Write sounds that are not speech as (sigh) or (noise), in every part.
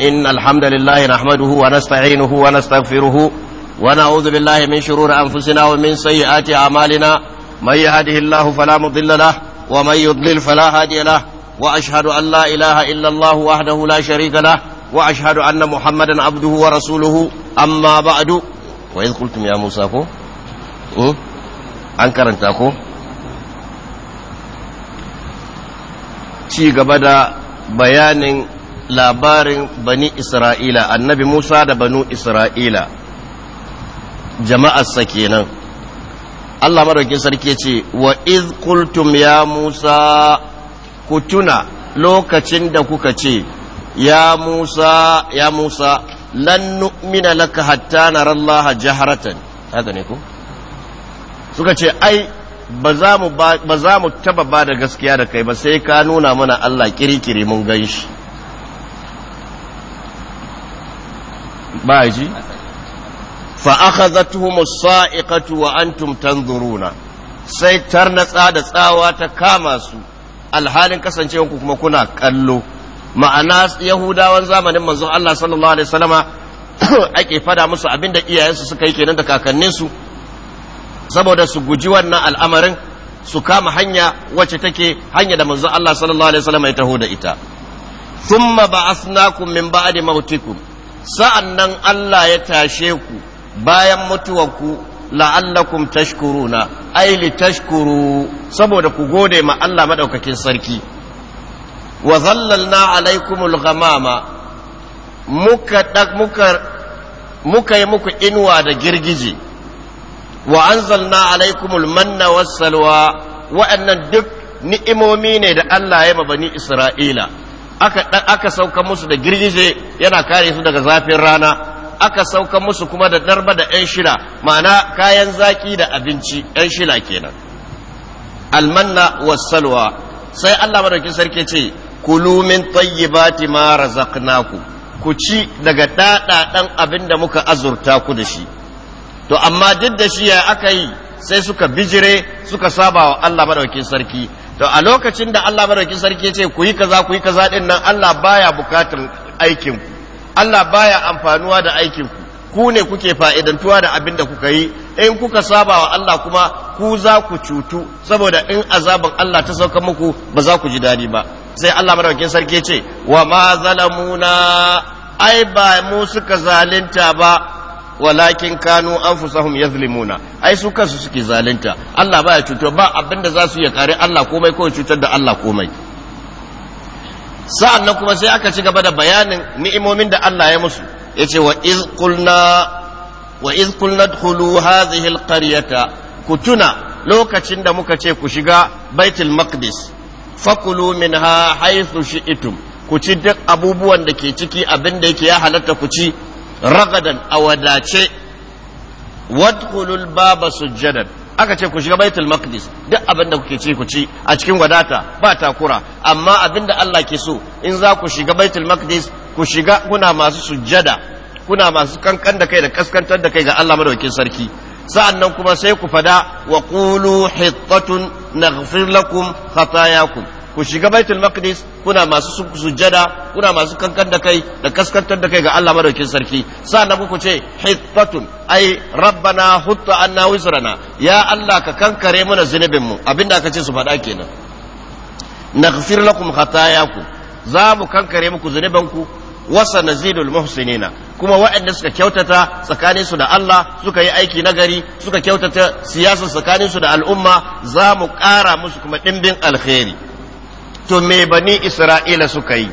إن الحمد لله نحمده ونستعينه ونستغفره ونعوذ بالله من شرور أنفسنا ومن سيئات أعمالنا من يهده الله فلا مضل له ومن يضلل فلا هادي له وأشهد أن لا إله إلا الله وحده لا شريك له وأشهد أن محمدا عبده ورسوله أما بعد وإذ قلتم يا موسى كو أنكر أنت أكو ci gaba da bayanin labarin bani isra'ila annabi musa da banu isra'ila jama'arsa kenan allah maraukin sarki ce wa iz kultum ya musa ku tuna lokacin da kuka ce ya musa ya musa lan nu'mina laka hatta nara allaha jaharatan haka ne ku suka ce ai ba za mu taba ba da gaskiya da kai ba sai ka nuna mana Allah kirikiri mun gan shi ba ji fa akhadhatuhum as-sa'iqatu wa antum tanzuruna sai tarnatsa da tsawa ta kama su alhalin kasancewanku kuma kuna kallo ma'ana yahudawan zamanin manzo Allah sallallahu alaihi wasallama (coughs) ake fada musu abinda iyayensu suka yi kenan da kakanninsu saboda su guji wannan al'amarin su kama hanya wacce take hanya da manzo Allah sallallahu alaihi wasallama ya taho da ita thumma ba'athnakum min ba'di mautikum sa'annan Allah ya tashe ku bayan mutuwanku la'allakum tashkuruna ai aili tashkuru saboda ku gode ma Allah maɗaukakin sarki wa zallalna alaikumul ghamama muka muka muka yi muku inuwa da girgije wa anzalna alaikumul manna was wa'annan duk ni'imomi ne da Allah ya bani Isra'ila aka aka sauka musu da girgije yana kare su daga zafin rana aka sauka musu kuma da darba da yan shila ma'ana kayan zaki da abinci yan shila kenan almanna wasalwa sai Allah madaukin sarki ce kulu min tayyibati ma razaqnaku ku ci daga ɗaɗaɗen abin da muka azurta ku da shi to amma duk da shi ya aka yi sai suka bijire suka saba wa Allah madaukin sarki to a lokacin da Allah baraki sarki ce ku yi kaza ku yi kaza din nan Allah baya bukatun aikin ku Allah baya amfanuwa da aikin ku ku ne kuke fa'idantuwa da abin da kuka yi in kuka saba wa Allah kuma ku za ku cutu saboda in azabin Allah ta sauka muku ba za ku ji dadi ba sai Allah madaukakin sarki ce wa ma zalamuna ai ba mu suka zalunta ba walakin kanu an anfusahum yazlimuna ai su kansu suke zalunta Allah baya cutar ba abinda za su iya kare Allah komai ko cutar da Allah komai sa'an nan kuma sai aka ci gaba da bayanin ni'imomin da Allah ya musu ya ce wa izkulna wa dhulu hadhihi alqaryata ku tuna lokacin da muka ce ku shiga baitul maqdis fakulu minha haythu shi'tum ku ci duk abubuwan da ke ciki abinda yake ya halatta ku ci ragadan a wadace wadkhulul baba sujjadan aka ce ku shiga baitul maqdis duk abinda kuke ci ku ci a cikin wadata ba takura amma abinda Allah ke so in za ku shiga baitul maqdis ku shiga kuna masu sujjada kuna masu kankan da kai da kaskantar da kai ga Allah madaukakin sarki sa'annan kuma sai ku fada wa qulu hittatun naghfir lakum khatayakum ku shiga baitul maqdis kuna masu sujjada kuna masu kankan da kai da kaskantar da kai ga Allah madaukin sarki sannan ku ce hittatun ai rabbana hutta anna wisrana ya Allah ka kankare mana zunubin mu abinda aka ce su faɗa kenan naghfir lakum khatayakum za mu kankare muku ku wasa nazidul muhsinina kuma waɗanda suka kyautata tsakanin su da Allah suka yi aiki nagari suka kyautata siyasar tsakanin su da al'umma za mu kara musu kuma dimbin alkhairi to me bani isra'ila suka yi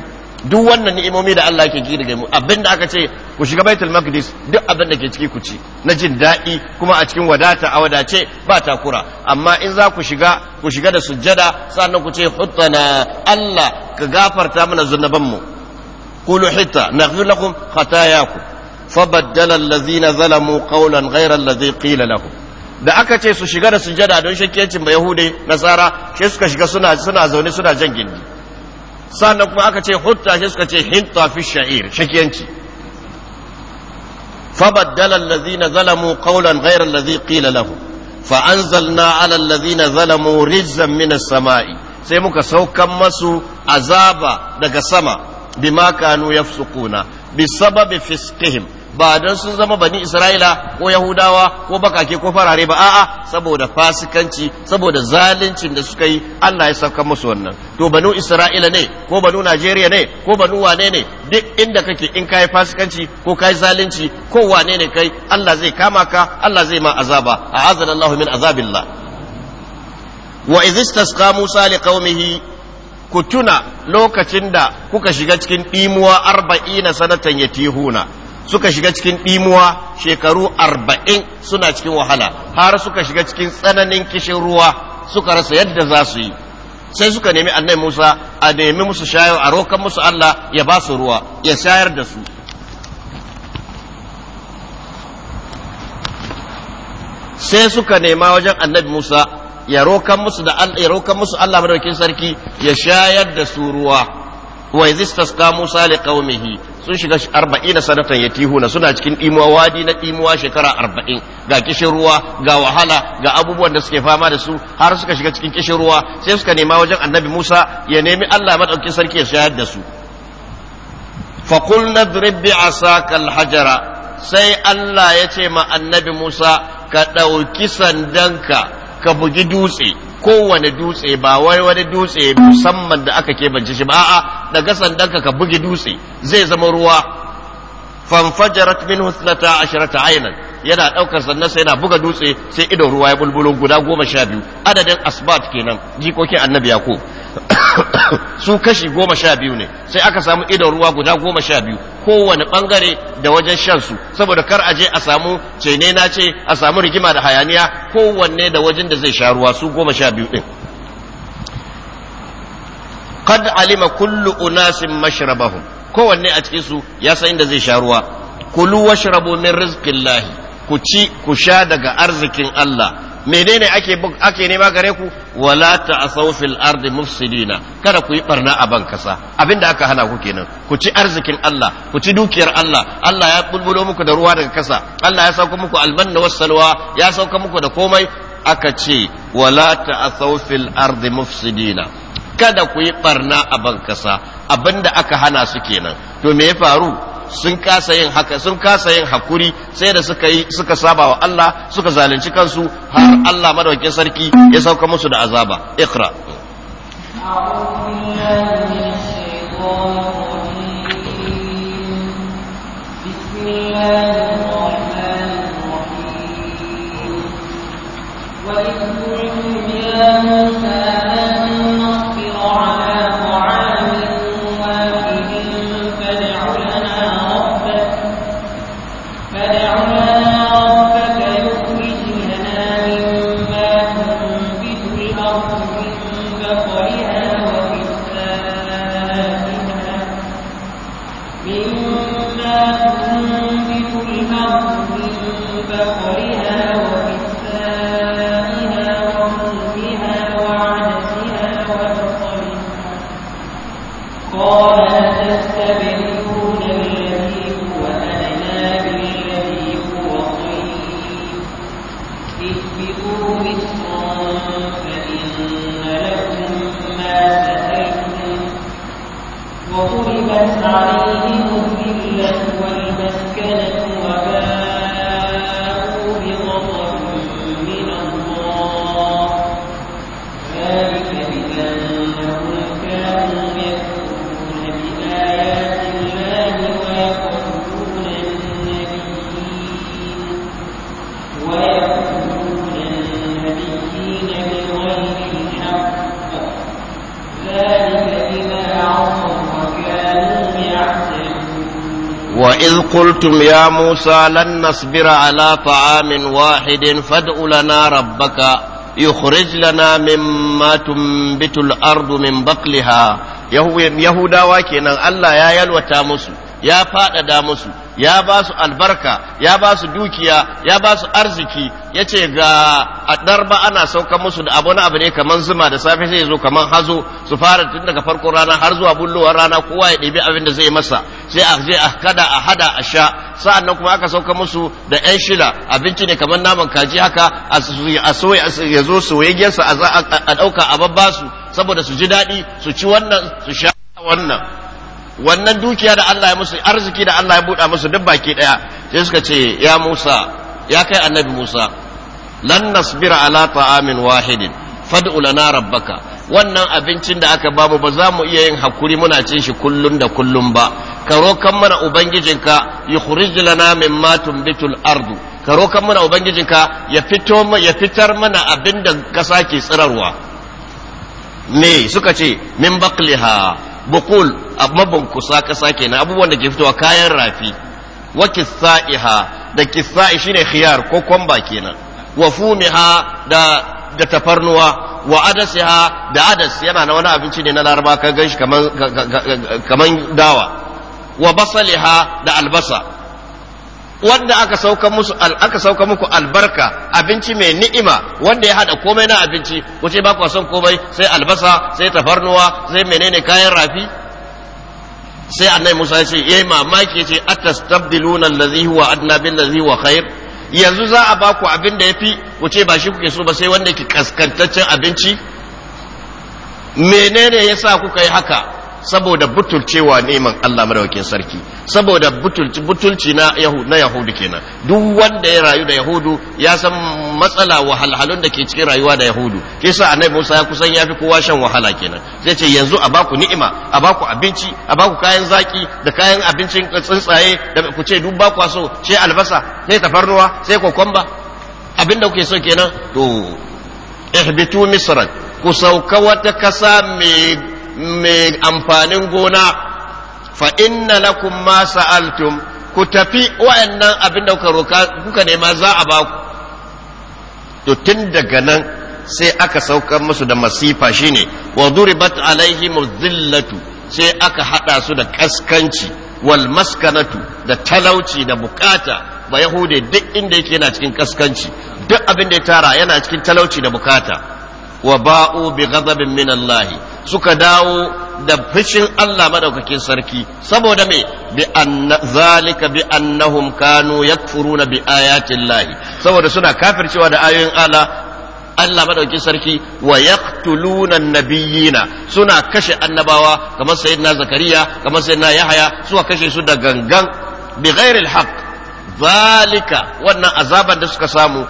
duk wannan ni'imomi da Allah ke ji daga mu abinda aka ce ku shiga baitul maqdis duk abin da ke ciki ku ci na jin daɗi kuma a cikin wadata a wadace ba takura amma in za ku shiga ku shiga da sujjada sannan ku ce huttana Allah ka gafarta mana zunuban mu qulu hitta naghfir lakum khatayakum fabaddala allazina zalamu qawlan ghayra allazi qila lahum da aka ce su shiga da sujada don shakiyancin ba yahude nasara shi suka shiga suna suna zaune suna jan gindi sannan kuma aka ce hutta shi suka ce hinta fi sha'ir shakiyanci فبدل الذين ظلموا قولا غير الذي قيل لهم فأنزلنا على الذين ظلموا رجزا من السماء sai muka saukan masu azaba daga sama bima kanu yafsukuna bisababi fiskihim ba don sun zama bani isra'ila ko yahudawa ko bakake ko farare ba a'a saboda fasikanci saboda zaluncin da suka yi Allah ya sauka musu wannan to banu isra'ila ne ko banu najeriya ne ko banu wane ne duk inda kake in kayi fasikanci ko kai zalunci ko wane ne kai Allah zai kama ka Allah zai ma azaba azan Allah min azabillah wa istasqa Musa liqaumihi ku tuna lokacin da kuka shiga cikin ɗimuwa arba'ina sanatan yatihuna suka shiga cikin ɗimuwa shekaru arba'in suna cikin wahala har suka shiga cikin tsananin kishin ruwa suka rasa yadda za su yi sai suka nemi annai musa a nemi musu shayar a rokan musu allah ya ba su ruwa ya shayar da su sai suka nema wajen annabi musa ya rokan musu ya rokan musu allah madaukin sarki ya shayar da su ruwa wa izistasqa Musa liqaumihi sun shiga 40 sanatan ya tihuna suna cikin imuwa wadi na imuwa shekara arba'in ga kishin ruwa ga wahala ga abubuwan da suke fama da su har suka shiga cikin kishin ruwa sai suka nema wajen Annabi Musa ya nemi Allah madaukin sarki ya shayar da su fa qulna drib bi hajara sai Allah ya ce ma Annabi Musa ka ɗauki sandanka ka bugi dutse kowane dutse ba wai wani dutse musamman da aka bance shi ba a'a daga sandanka ka bugi dutse zai zama ruwa fanfajarat min husnata asharata aynan yana ɗaukar sannan sai yana buga dutse sai idon ruwa ya bulbulo guda goma sha biyu adadin asbat kenan jikokin annabi ko (coughs) su kashi goma sha biyu ne sai aka samu idon ruwa guda goma sha biyu kowane bangare da wajen shan su saboda kar a je a samu cene na ce a samu rigima da hayaniya kowanne da wajen da zai sha ruwa su goma sha biyu din kad alima kullu unasin mashrabahum kowanne a cikin su ya san inda zai sha ruwa kulu washrabu min rizqillahi ku ci ku sha daga arzikin Allah menene ake ake nema gare ku wala ta'asaw fil ardi mufsidina kada ku yi barna a ban kasa abinda aka hana ku kenan ku ci arzikin Allah ku ci dukiyar Allah Allah ya bulbulo muku da ruwa daga kasa Allah ya sauka muku albanna was salwa ya sauka muku da komai aka ce wala ta'asaw fil ardi mufsidina kada ku yi barna a ban kasa abinda aka hana su kenan to me ya faru sun kasa yin haka sun kasa yin hakuri sai da suka yi suka saba wa Allah suka zalunci kansu har Allah madaukakin sarki ya sauka musu da azaba iqra وإذ قلتم يا موسى قلتم يا موسى لن نصبر على طعام واحد فادع لنا ربك يخرج لنا مما تنبت الأرض من بقلها يهودا وكينا الله يا يلوتا مسلم ya faɗaɗa musu ya basu albarka ya basu dukiya ya basu arziki ya ce ga a ɗarba ana sauka musu da abu na abu ne kamar zuma da safe zai zo kamar hazo su fara tun daga farkon rana har zuwa bullowar rana kowa ya ɗebi abin da zai masa sai a je a kada a hada a sha sa'an nan kuma aka sauka musu da yan shida abinci ne kamar naman kaji haka a soya ya zo soyayyensa a ɗauka a babba su saboda su ji daɗi su ci wannan su sha wannan wannan dukiya da Allah ya musu arziki da Allah ya buɗa musu duk baki ɗaya sai suka ce ya Musa ya kai annabi Musa lan nasbira ala ta'amin wahidin fad'u lana rabbaka wannan abincin da aka babu ba za mu iya yin hakuri muna cin shi kullum da kullum ba karo kan mana ubangijinka yukhrij lana matun tumbitul ardu karo kan mana ubangijinka ya fito ya fitar mana abin da kasa ke tsirarwa me suka ce min baqliha buqul ababun kusa kasa kenan abubuwan da ke fitowa kayan rafi wa kisaiha da kisai shine khiyar ko kwamba kenan wa fumiha da da tafarnuwa wa da adas yana na wani abinci ne na laraba ka gan shi kaman dawa wa basaliha da albasa wanda aka sauka musu aka sauka muku albarka abinci mai ni'ima wanda ya hada komai na abinci ku ce ba ku komai sai albasa sai tafarnuwa sai menene kayan rafi sai annai musa ya ce yayi mamaki ya ce atastabdiluna allazi huwa adna bil ladhi huwa khair yanzu za a ba ku abin da ya fi ku ce ba shi kuke so ba sai wanda ke kaskantaccen abinci menene ya sa kuka yi haka saboda butulcewa neman Allah madawakin sarki saboda butulci na yahudu kenan duk wanda ya rayu da yahudu ya san matsala wahalhalun da ke cikin rayuwa da yahudu ke sa annabi musa ya kusan ya fi kowa shan wahala kenan zai ce yanzu a baku ni'ima a baku abinci a baku kayan zaki da kayan abincin tsuntsaye da ku ce duk baku so ce albasa sai tafarnuwa sai kokomba abin da kuke so kenan to ihbitu misra ku sauka wata kasa mai amfanin gona fa inna lakum ma sa'altum ku tafi wa'annan abin da kuka roka kuka nema za a baku to tun daga nan sai aka saukar musu da masifa shine wa duribat alaihi muzillatu sai aka hada su da kaskanci wal maskanatu da talauci da bukata ba yahude duk inda yake yana cikin kaskanci duk abin da ya tara yana cikin talauci da bukata wa ba'u bi ghadabin min Allah suka dawo da fushin Allah madaukakin sarki saboda me bi anna zalika bi annahum kanu yakfuruna bi ayatin lahi saboda suna kafircewa da ayoyin Allah Allah madaukakin sarki wa yaqtuluna nabiyina suna kashe annabawa kamar sayyidina zakariya kamar sayyidina yahya suka kashe su da gangan bi ghairi alhaq zalika wannan azaban da suka samu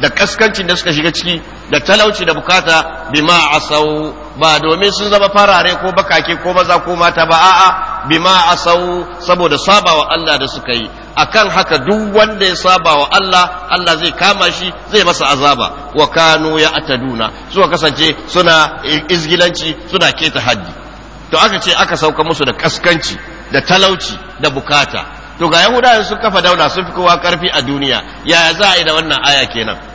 da kaskancin da suka shiga ciki da talauci da bukata bima asau ba domin sun zama farare ko bakake ko maza ko mata ba a'a bima asau saboda sabawa Allah da suka yi akan haka duk wanda ya sabawa Allah Allah zai kama shi zai masa azaba wa kanu ya ataduna suka kasance suna izgilanci suna keta haddi to aka ce aka sauka musu da kaskanci da talauci da bukata to ga yahudawa sun kafa daula sun fi kowa karfi a duniya yaya za a yi da wannan aya kenan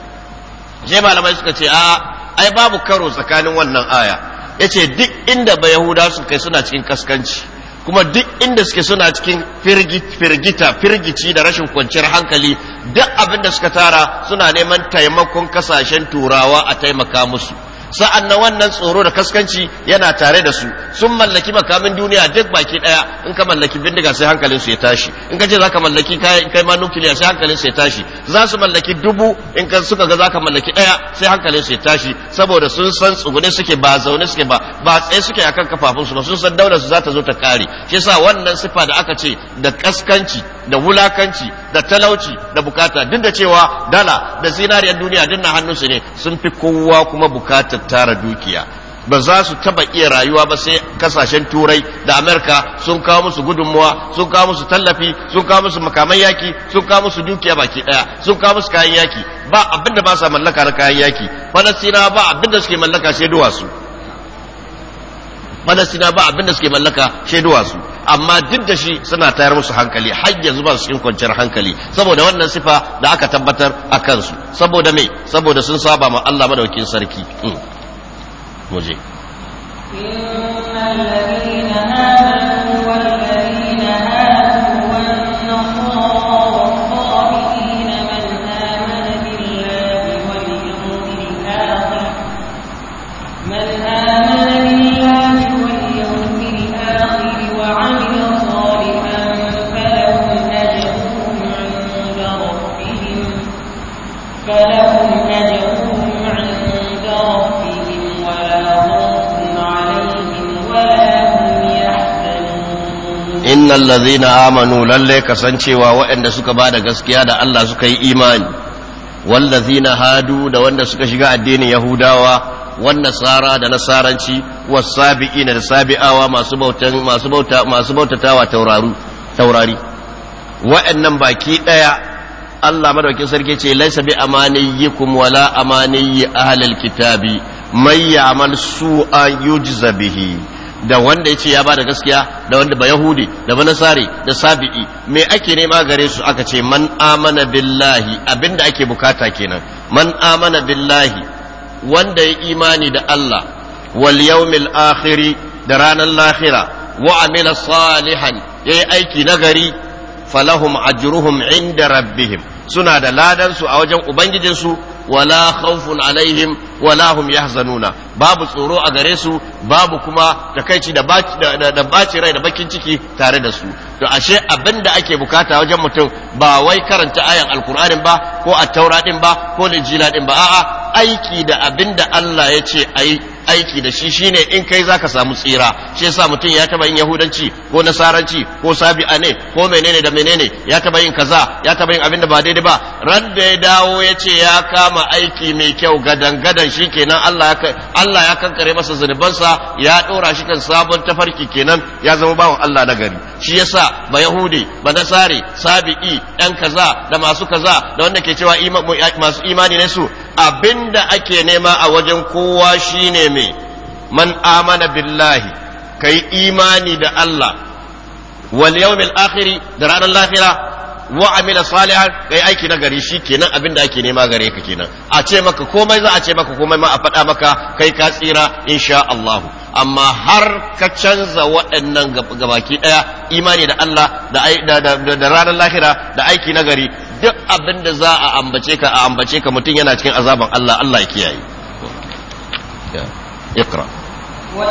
sai malamai suka ce a ai babu karo tsakanin wannan aya yace duk inda ba yahuda su kai suna cikin kaskanci kuma duk inda suke suna cikin firgita firgici da rashin kwanciyar hankali duk abin da suka tara suna neman taimakon kasashen turawa a taimaka musu sa'an na wannan tsoro da kaskanci yana tare da su sun mallaki makamin duniya duk baki daya in ka mallaki bindiga sai hankalin su ya tashi in ka ce zaka mallaki kai ma nukiliya sai hankalin su ya tashi za su mallaki dubu in ka suka ga zaka mallaki daya sai hankalin su ya tashi saboda sun san tsugune suke ba zaune suke ba ba tsaye suke akan kafafun su ba sun san daular su za ta zo ta kare shi yasa wannan sifa da aka ce da kaskanci da wulakanci da talauci da bukata duk da cewa dala da zinariyar duniya duk na hannun su ne sun fi kowa kuma bukatar tara dukiya ba za su taba iya rayuwa ba sai kasashen turai da amerika sun kawo musu gudunmuwa sun kawo musu tallafi sun kawo musu makaman yaki sun kawo musu dukiya baki daya sun kawo musu kayan yaki ba abin da ba sa mallaka na kayan yaki falastina ba abin da suke mallaka sai duwatsu falastina ba abin da suke mallaka sai duwatsu amma duk da shi suna tayar musu hankali har yanzu ba su cikin kwanciyar hankali saboda wannan sifa da aka tabbatar a kansu saboda me saboda sun saba ma Allah madaukin sarki hmm. waje innal ladzina amanu lalle kasancewa waɗanda suka ba da gaskiya da Allah suka yi imani wal ladzina hadu da wanda suka shiga addinin yahudawa wan nasara da nasaranci was sabiina da sabi'awa masu bauta masu bauta masu bautatawa tauraru taurari waɗannan baki daya Allah madaukin sarki ce laysa bi amaniyikum wala amaniyi ahlil kitabi may ya'mal su'a yujza bihi da wanda ya ce ya da gaskiya da wanda ba yahudi da ba nasari da sabi'i me ake nema gare su aka ce man amana billahi abinda ake bukata kenan man amana billahi wanda ya imani da Allah wal yawmil akhiri da ranar lahira wa amila salihan yi aiki nagari falahum ajruhum inda rabbihim suna da ladan su a wajen ubangijinsu wala khawfun alaihim wala hum yahzanuna babu tsoro a gare su babu kuma takaici da da baci rai da bakin ciki tare da su to ashe abinda ake bukata wajen mutum ba wai karanta ayan alkur'anin ba ko a din ba ko linjila din ba a'a aiki da abinda Allah ya ce aiki da shi shine in kai zaka samu tsira shi yasa mutum ya taba yin yahudanci ko nasaranci ko sabi'a ne ko menene da menene ya taba yin kaza ya taba yin abin da ba daidai ba ran da ya dawo ya ce ya kama aiki mai kyau gadan gadan shi Allah ya Allah ya kankare masa zunubansa ya dora shi kan sabon tafarki kenan ya zama bawan Allah na gari shi yasa ba yahudi ba nasari sabi'i dan kaza da masu kaza da wanda ke cewa masu imani ne su abinda ake nema a wajen kowa shine mai man amana billahi kai imani da Allah wal yawmil akhiri da ranar lahira wa amila salihan kai aiki na gari shi kenan abin da ake nema gare ka kenan a ce maka komai za a ce maka komai ma a faɗa maka kai ka tsira insha Allah amma har ka canza waɗannan gabaki ɗaya imani da Allah da ranar lahira da aiki na gari duk abin da za a ambace ka a ambace ka mutum yana cikin azaban Allah Allah ya kiyaye wa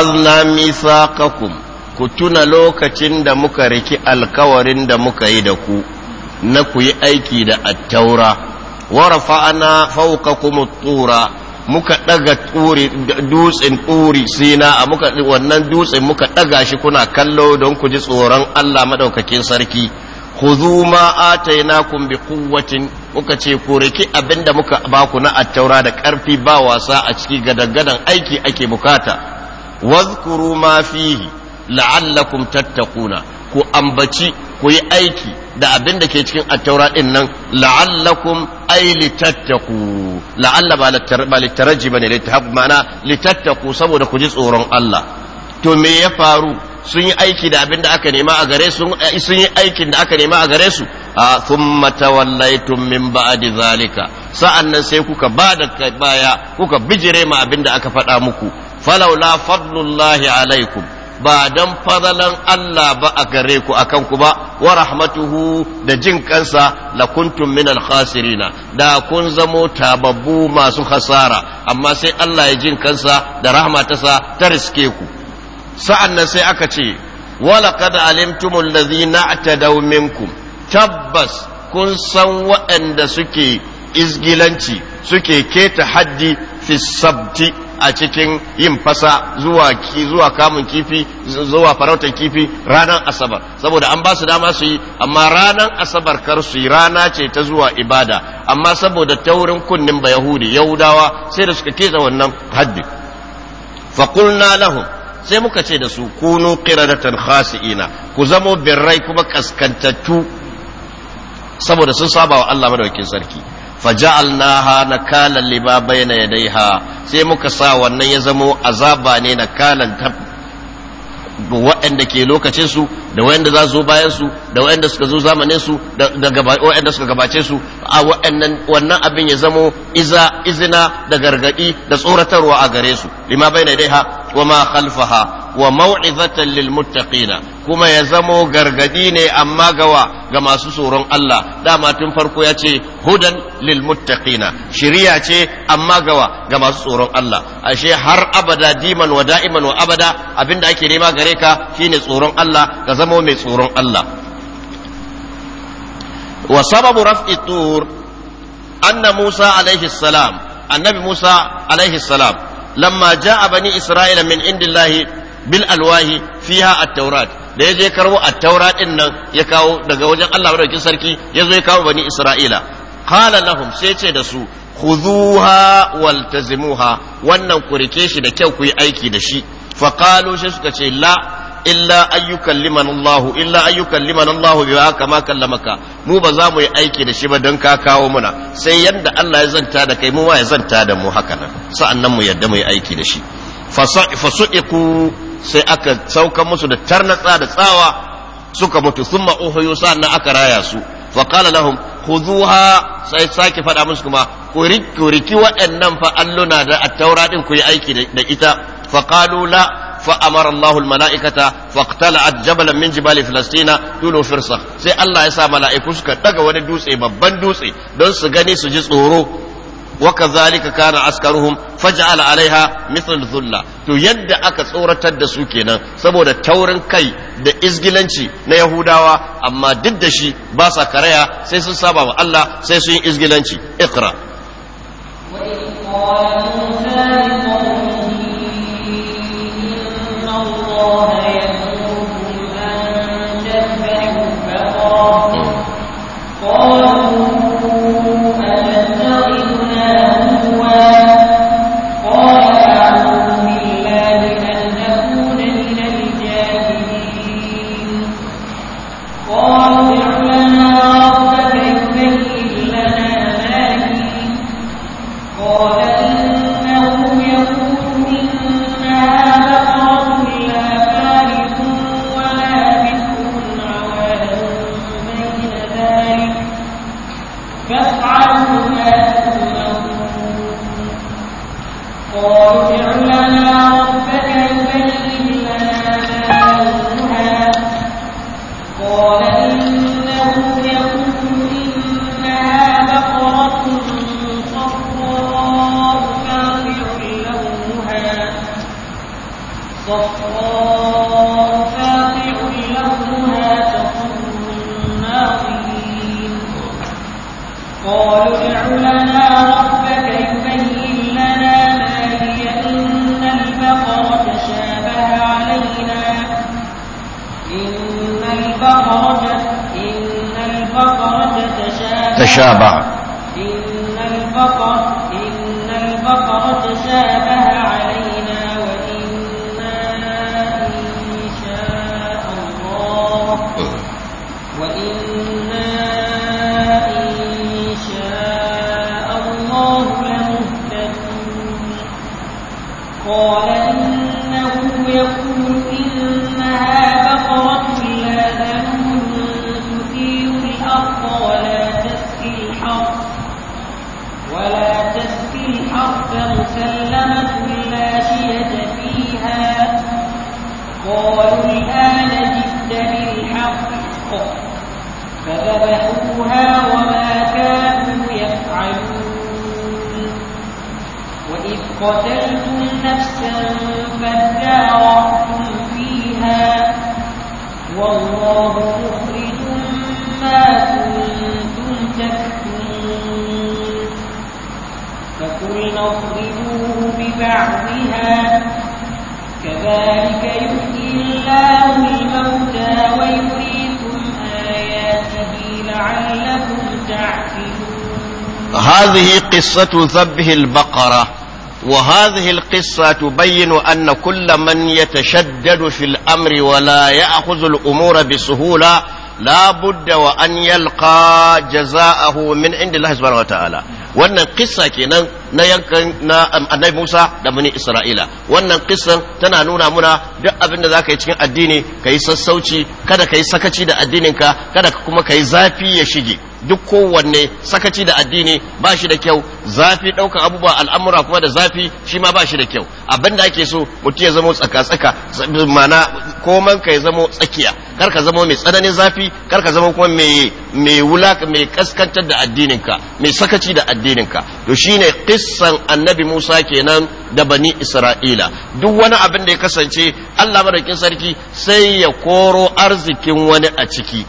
akhazna mithaqakum ku tuna lokacin da muka riki alkawarin da muka yi da ku na ku yi aiki da attaura wa rafa'na fawqakum at-tura muka daga turi dutsen turi sina a muka wannan dutsen muka daga shi kuna kallo don ku ji tsoron Allah madaukakin sarki khudhu ma atainakum biquwwatin muka ce ku riki abinda muka baku na attaura da karfi ba wasa a ciki gadagadan aiki ake bukata wadhkuru ma fihi la'allakum tattaquna ku ambaci ku yi aiki da abin da ke cikin attaura din nan la'allakum ay litattaku la'alla ba litaraji bane litahab mana litattaku saboda ku ji tsoron Allah to me ya faru sun yi aiki da abin da aka nema a gare su sun yi aikin da aka nema a gare su a thumma tawallaytum min ba'di zalika sa'annan sai kuka ba bada baya kuka bijire ma abin da aka faɗa muku falaula fadlullahi alaikum ba don fadalan Allah ba a gare ku a kanku ba wa rahmatuhu da jin kansa la kuntum minal khasirina da kun zamo tababbu masu hasara amma sai Allah ya jin kansa da rahmatarsa ta riske ku sa'an na sai aka ce walaqad da ladzina atadaw minkum tabbas kun san waɗanda suke izgilanci suke keta haddi fi sabti a cikin yin fasa zuwa ki zuwa kamun kifi zuwa farautar kifi ranar asabar saboda an ba su dama su yi amma ranar asabar kar su yi rana ce ta zuwa ibada amma saboda taurin kunnin ba yahudi yahudawa sai da suka keta wannan haddi fakulna lahum sai muka ce da su kunu qiradatan khasi'ina ku zamo birrai kuma kaskantattu saboda sun saba wa Allah madaukin sarki faja'alnaha nakalan lima bayna yadayha sai muka sa wannan ya zamo azaba ne nakalan ta waɗanda ke lokacin su da waɗanda za zo bayan su da waɗanda suka zo zamanin su da waɗanda suka gabace su a waɗannan wannan abin ya zamo iza izina da gargadi da tsoratarwa a gare su lima bayna yadayha wa ma khalfaha wa maw'izatan lil muttaqina kuma ya zamo gargadi ne amma gawa ga masu tsoron Allah dama tun farko ya ce hudan lil muttaqina shiriya ce amma gawa ga masu tsoron Allah ashe har abada diman wa da'iman wa abada abinda ake nema gare ka shine tsoron Allah ka zamo mai tsoron Allah wa sababu raf'i tur anna Musa alaihi salam annabi Musa alaihi salam lamma ja'a bani Isra'ila min indillahi bil alwahi fiha at-taurat da ya je karbo a taura ɗin nan ya kawo daga wajen Allah madaukakin sarki ya zo ya kawo bani Isra'ila Kala lahum sai ce da su khudhuha waltazimuha wannan ku rike shi da kyau ku yi aiki da shi fa shi suka ce la illa ayyukan liman Allah illa ayyukan liman Allah bi kama kallamaka mu ba za mu yi aiki da shi ba don ka kawo muna sai yadda Allah ya zanta da kai mu ma ya zanta da mu haka nan sa'annan mu yadda mu yi aiki da shi Fasu'iku. sai aka sauka musu da tarnatsa da tsawa suka mutu thumma uhuyu sannan aka raya su fa qala lahum khudhuha sai sake faɗa musu kuma ku riki waɗannan fa alluna da attaura din ku yi aiki da ita fa la fa amara Allah malaikata fa qtala'at jabalan min jibali filastina dunu firsa sai Allah ya sa mala'iku suka daga wani dutse babban dutse don su gani su ji tsoro وكذلك كان عسكرهم فجعل عليها مثل ذله to yadda aka tsoratar da su kenan saboda taurin kai da izgilanci na yahudawa amma duk da shi ba sa karaya sai sun saba wa Allah sai sun yi izgilanci iqra تابع قصة ذبه البقرة وهذه القصة تبين أن كل من يتشدد في الأمر ولا يأخذ الأمور بسهولة لا بد وأن يلقى جزاءه من عند الله سبحانه وتعالى wannan kissa kenan na yankan na annabi Musa da bani Isra'ila wannan kissan tana nuna muna duk abin da za ka yi cikin addini ka yi sassauci kada ka yi sakaci da addininka kada kuma ka yi zafi ya shige duk kowanne sakaci da addini ba shi da kyau zafi ɗaukan abubuwa al'amura kuma da zafi shi ma ba shi da kyau abin da ake so mutum ya zama tsaka-tsaka mana koman ka ya zama tsakiya kar ka zama mai tsananin zafi kar ka zama kuma mai mai wulaka mai kaskantar da addininka mai sakaci da addininka to shine kissan annabi Musa kenan da bani Isra'ila duk wani abin da ya kasance Allah madaukin sarki sai ya koro arzikin wani a ciki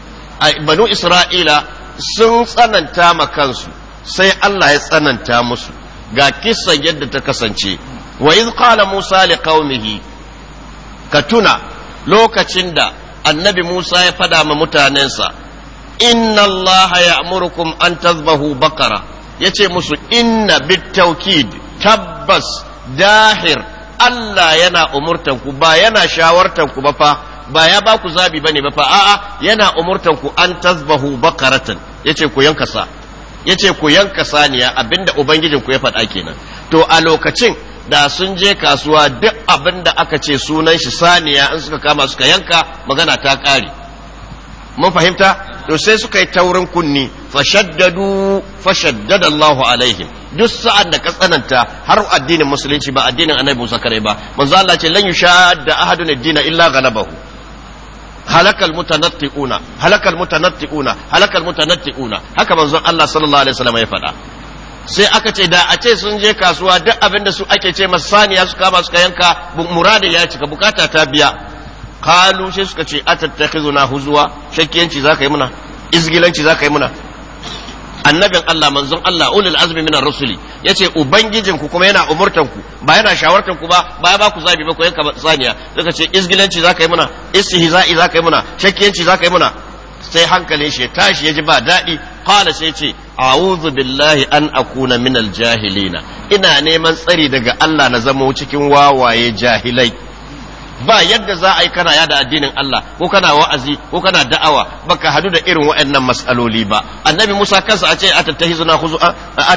banu Isra'ila sun tsananta ma kansu sai Allah ya tsananta musu ga kisan yadda ta kasance wa iz qala Musa li qaumihi ka tuna lokacin da annabi Musa ya fada ma mutanensa inna allaha ya'murukum an tazbahu baqara yace musu inna bitaukid tabbas dahir Allah yana umurtanku ba yana shawartanku ba fa ba ya ba ku zabi bane ba fa a'a yana umurtanku an tazbahu bakaratan yace ku yanka sa ce ku yanka saniya abinda ubangijin ku ya faɗa kenan to a lokacin da sun je kasuwa duk abinda aka ce sunan shi saniya in suka kama suka yanka magana ta ƙare mun fahimta to sai suka yi taurin kunni fashaddadu fashaddada Allah alaihim duk sa'an da ka har addinin musulunci ba addinin annabi Musa kare ba manzo Allah ce lan yushadda ahadun ad-dina illa ghalabahu halakal mutanattiquna halakal mutanattiquna halakal mutanattiquna haka manzon Allah sallallahu alaihi wasallam ya fada sai aka ce da a ce sun je kasuwa duk abin da su ake ce masa saniya su kama su yanka muradin ya cika bukata ta biya kalu sai suka ce atattakhizuna huzuwa shakkiyanci zaka yi muna izgilanci zaka yi muna annabin Allah manzon Allah ulul azmi minar rusuli yace ubangijin ku kuma yana umurtan ku ba yana shawartan ku ba ba ya ba ku zabi ba ku yanka saniya suka ce izgilanci zaka yi muna istihza'i zaka yi muna shakkiyanci zaka yi muna sai hankalin shi tashi yaji ba daɗi qala sai ce a'udhu billahi an akuna minal jahilina ina neman tsari daga Allah na zama cikin wawaye jahilai ba yadda za a yi kana yada addinin Allah ko kana wa'azi ko kana da'awa baka hadu da irin waɗannan mas'aloli ba annabi Musa kansa a ce a tattahizuna huzu'a